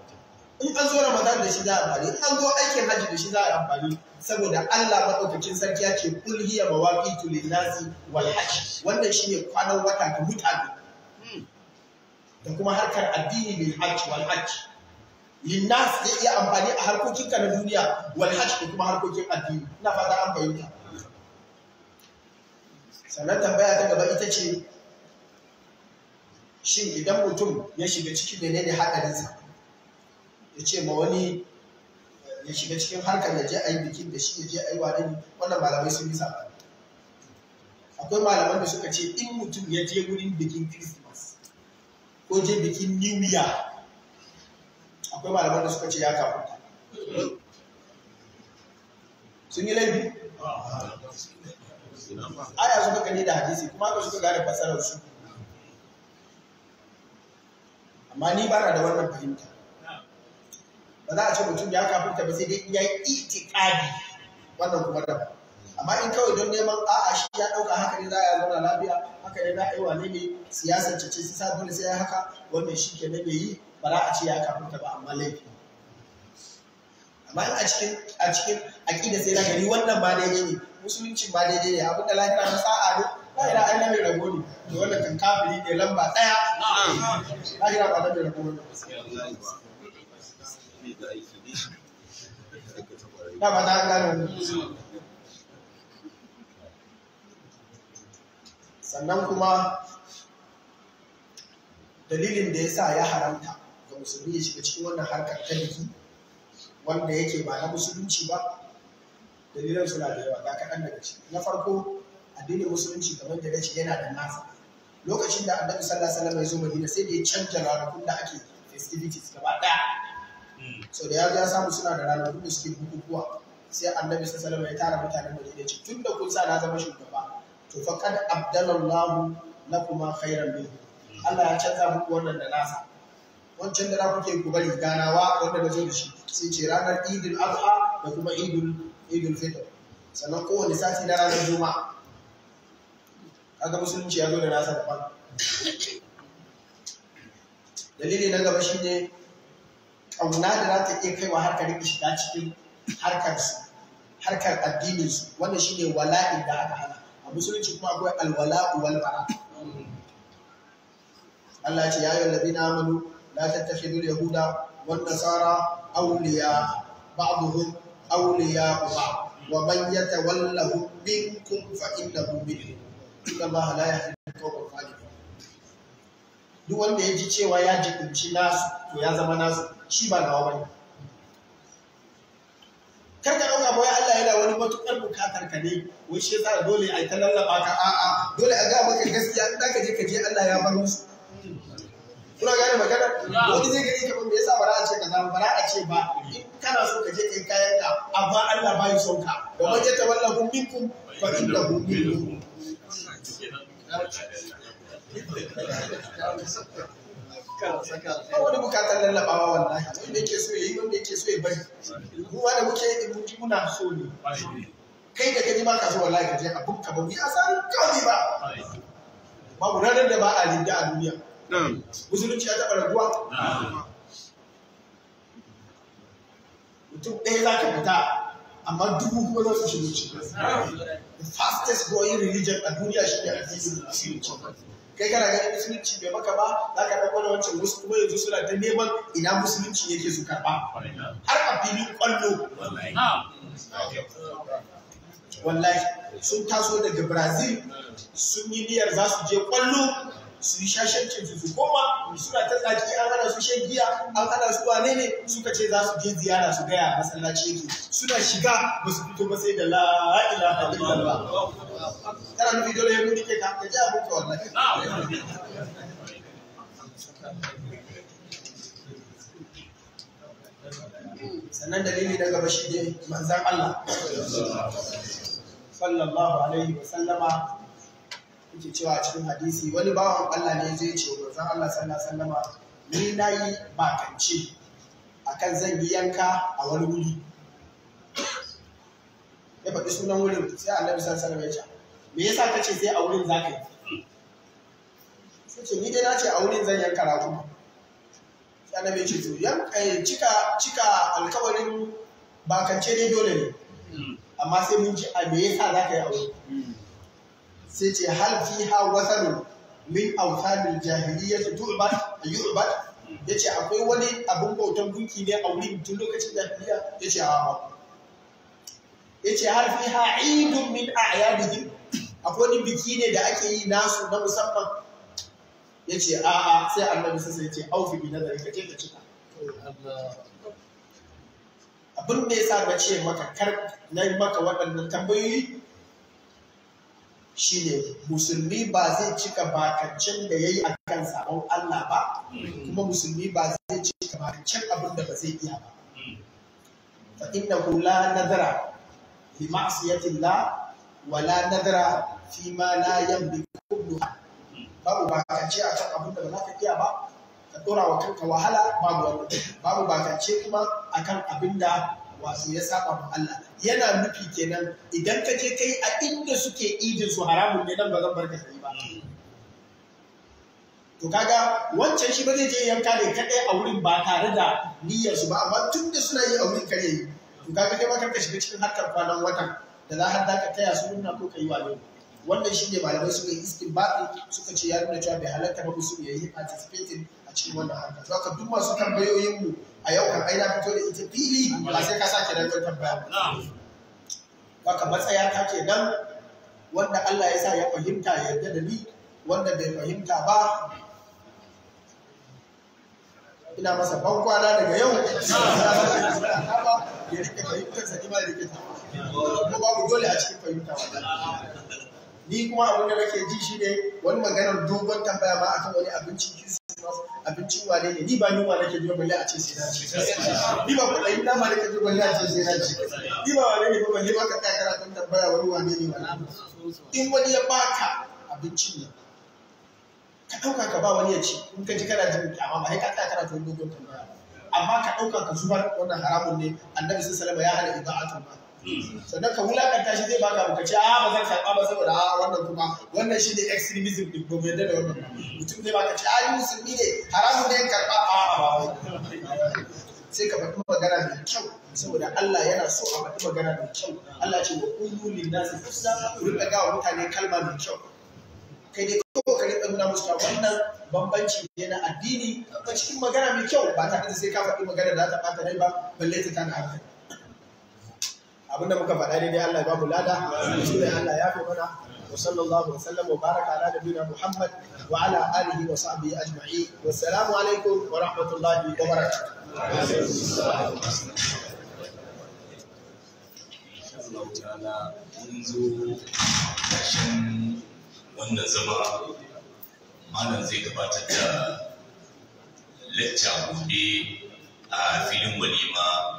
in an zo ramadan da shi za a amfani in an zo aikin hajji da shi za a amfani saboda Allah maɗaukacin sarki ya ce kul hiya mawaqitu lin-nasi wal hajj wannan shine kwanan wata ta mutane da kuma harkar addini mai hajji wal hajji linnas ya iya amfani a harkokin ka na duniya wal hajji da kuma harkokin addini ina fata an bayyana sannan tambaya ta gaba ita ce shin idan mutum ya shiga cikin menene hadarinsa ya ce ma wani ya shiga cikin harkar ya je a yi bikin da shi ya je a yi wani wannan malamai sun yi sabani akwai malaman da suka ce in mutum ya je wurin bikin kristi ko je bikin new year akwai malaman da suka ce ya kafuta sun yi laifi aya suka kani da hadisi kuma haka suka gane fasarar su amma ni ba da wannan fahimta ba za a ce mutum ya kafuta ba sai dai ya yi itikadi wannan kuma ba. amma in kawai don neman a'a shi ya ɗauka haka ne za a zauna lafiya haka ne za a yi wa ne siyasar cece sai dole sai ya haka wannan shi ke bai yi ba za a ce ya ta ba amma laifi amma in a cikin a cikin aƙida sai za gani wannan ba daidai ne musulunci ba daidai ne abin da lafiya na sa'a ne lahira ai na mai rago ne to wannan kan kafiri ne lamba ɗaya lahira ba zan mai rago ne da ba ta gano sannan kuma dalilin da ya sa ya haramta ga musulmi ya shiga cikin wannan harkar ta wanda yake ba na musulunci ba dalilan suna da yawa ga kaɗan daga ciki na farko addinin musulunci kamar da nace yana da nasa lokacin da annabi sallallahu alaihi wasallam ya zo madina sai da ya canja ranakun da ake festivities gaba ɗaya so da ya ga samu suna da ranakun da suke bukukuwa sai annabi sallallahu alaihi wasallam ya tara mutanen madina ce tun da kun sa na zama shugaba to faqad abdalallahu lakuma khairan minhu Allah ya canza muku wannan da nasa wancan da na kuke ku bari ganawa wanda na zo da shi sai ce ranar idul adha da kuma idul idul fitr sannan kowane sati na ranar juma'a kaga musulunci ya zo da nasa daban dalili na gaba shine kauna da za ta iya kaiwa har ka rike shiga cikin harkar harkar addinin su wannan shine wala'in da aka musulunci kuma akwai alwala wal bara Allah ya ce ya ayyuhal ladina amanu la tattakhidul yahuda wan nasara awliya ba'dhum awliya ba'd wa man yatawallahu minkum fa innahu minhum inna Allah la yahdi al-qawma al-fasiqin duk wanda ya ji cewa ya jibinci nasu to ya zama nasu shi ba nawa bane kar ka ɗauka ba wai Allah yana wani matukar bukatar ka ne wai shi yasa dole a ta lallaba ka a'a dole a ga maka gaskiya in ka je ka je Allah ya bar musu kuna gane magana wani zai gani kamar me yasa bara a ce kaza bara a ce ba in kana so ka je kai kayan ka amma Allah bai son ka wa man yatawallahu minkum fa innahu minkum wani bukatar lallabawa wallahi wanda yake so yayi wanda yake so ya bari ruwa da muke yi muna so ne kai da kaji ba ka so wallahi ka je ka bukka ba mu asarin kawai ba babu ranar da ba a rinda a duniya musulunci ya taɓa raguwa mutum ɗaya za ka fita amma dubu kuma za su shi the fastest growing religion a duniya shi ne a cikin musulunci kai kana ganin musulunci bai maka ba za ka ɗauko da wancan wasu kuma yanzu suna ta neman ina musulunci yake su karɓa har a filin ƙwallo ah. wallahi sun taso daga brazil sun yi niyyar za su je ƙwallo su yi shashancin su koma suna ta tsaki an hana su shan giya an hana su wane ne suka ce za su je ziyara su gaya masallaci yake suna shiga ba su fito ba sai da la ilaha illallah kana nufi dole ya muke ka ka ji abin ka wallahi sannan dalili na gaba shi ne manzan Allah sallallahu alaihi wa sallama yake cewa a cikin hadisi wani bawan Allah ne zai ce wa zan Allah sallallahu alaihi wasallama ni nayi bakance akan zan yi yanka a wani wuri ya faɗi sunan wurin sai annabi sallallahu alaihi wasallam ya ce me yasa kace sai a wurin zaka yi sai ce ni dai na ce a wurin zan yanka rago sai annabi ya ce to yanka eh, cika cika alkawarin bakance ne dole ne hmm. amma sai mun ji a me yasa zaka yi a wurin sai ce hal fiha wasan min awsanil jahiliyyati tu'bat yu'bat yace akwai wani abin bautan gunki ne a wurin tun lokacin jahiliya yace a'a yace hal fiha idun min a'yadihim akwai wani biki ne da ake yi nasu na musamman yace a'a sai annabi sai yace aufi bi nazari ka ce ka cika abin da yasa na ce maka kar na maka waɗannan tambayoyi shine musulmi ba zai cika bakancin da ya yi a kan sabon Allah ba kuma musulmi ba zai cika bakancin abin da ba zai iya ba fa innahu la nadara fi ma'siyatillah wa la nadara fi ma la yamliku babu bakance a kan abin da ba za ka iya ba ka dora wa kanka wahala babu wannan babu bakance kuma akan abin da wato ya saba ma Allah yana nufi kenan idan ka je kai a inda suke idin su haramun ne nan ba zan bar kai ba to kaga wancan shi ba zai je yanka ne kadai a wurin ba tare da niyyar su ba amma tun da suna yi a wurin ka ne to kaga kai ma kanka shiga cikin harkar kwanan watan da za har ka taya su wannan ko kai wani wannan shi ne malamai suka yi istinbati suka ce ya nuna cewa bai halatta ba musu yayi participating a cikin wannan harka to haka duk masu tambayoyin mu a yau kan aina fito da ita fili ba sai ka sake nan wata tambaya haka matsaya ta ke nan wanda Allah ya sa ya fahimta ya yarda da ni wanda bai fahimta ba ina masa ban kwana daga yau ya rike fahimtar sa ma rike ta ko babu dole a cikin fahimta ni kuma abin da nake ji shine wani maganar dogon tambaya ma akan wani abinci abincin wane ne ni a ni ba a ni ba ne ba ka wani wane ne wani in wani ya baka abincin ne ka ɗauka ka ba wani ya ci in ka ji kana jin kyama ba sai ka tsaya kana ta dogon tambaya amma ka ɗauka ka zubar wannan haramun ne annabi sallallahu alaihi wasallam ya hana sannan ka wulakanta shi zai baka ka ce a ah, ba karɓa ba saboda a ah, wannan kuma wannan shi ne extremism din ba da wannan mutum zai baka ce a ah, yi musulmi ne haramun ne karɓa a ba sai ka faɗi magana mai kyau saboda Allah yana so a faɗi magana mai kyau Allah ce wa qulu lin nasi husna ku riƙa ga mutane kalma mai kyau kai dai ko ka riƙa nuna musu wannan bambanci ne na addini a cikin magana mai kyau ba tare da sai ka faɗi magana da za ta ɓata rai ba balle ta tana hankali abinda muka faɗa dai Allah ya babu lada, lada kuskure Allah ya fi mana wa sallallahu wasallam wa baraka ala nabiyina Muhammad wa ala alihi wa sahbihi ajma'in wa salamu alaikum wa rahmatullahi wa barakatuh wannan zama malam zai gabatar da lacca gobe a filin walima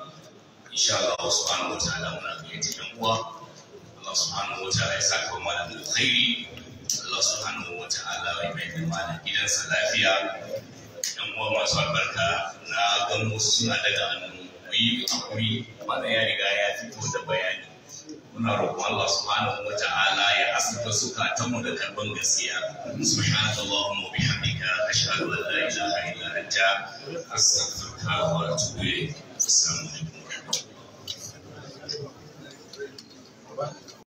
insha Allah subhanahu wataala muna gayyata yan uwa Allah subhanahu wataala ya saka wa malam Allah subhanahu wataala ya mai da malam gidansa lafiya yan uwa masu albarka na gano suna daga annu yi hakuri mana ya riga ya fito da bayani muna roƙon Allah subhanahu ta'ala ya asuka zukatanmu da karban gaskiya subhanallahumma wa bihamdika ashhadu an la ilaha illa anta astaghfiruka wa atubu ilayk assalamu alaikum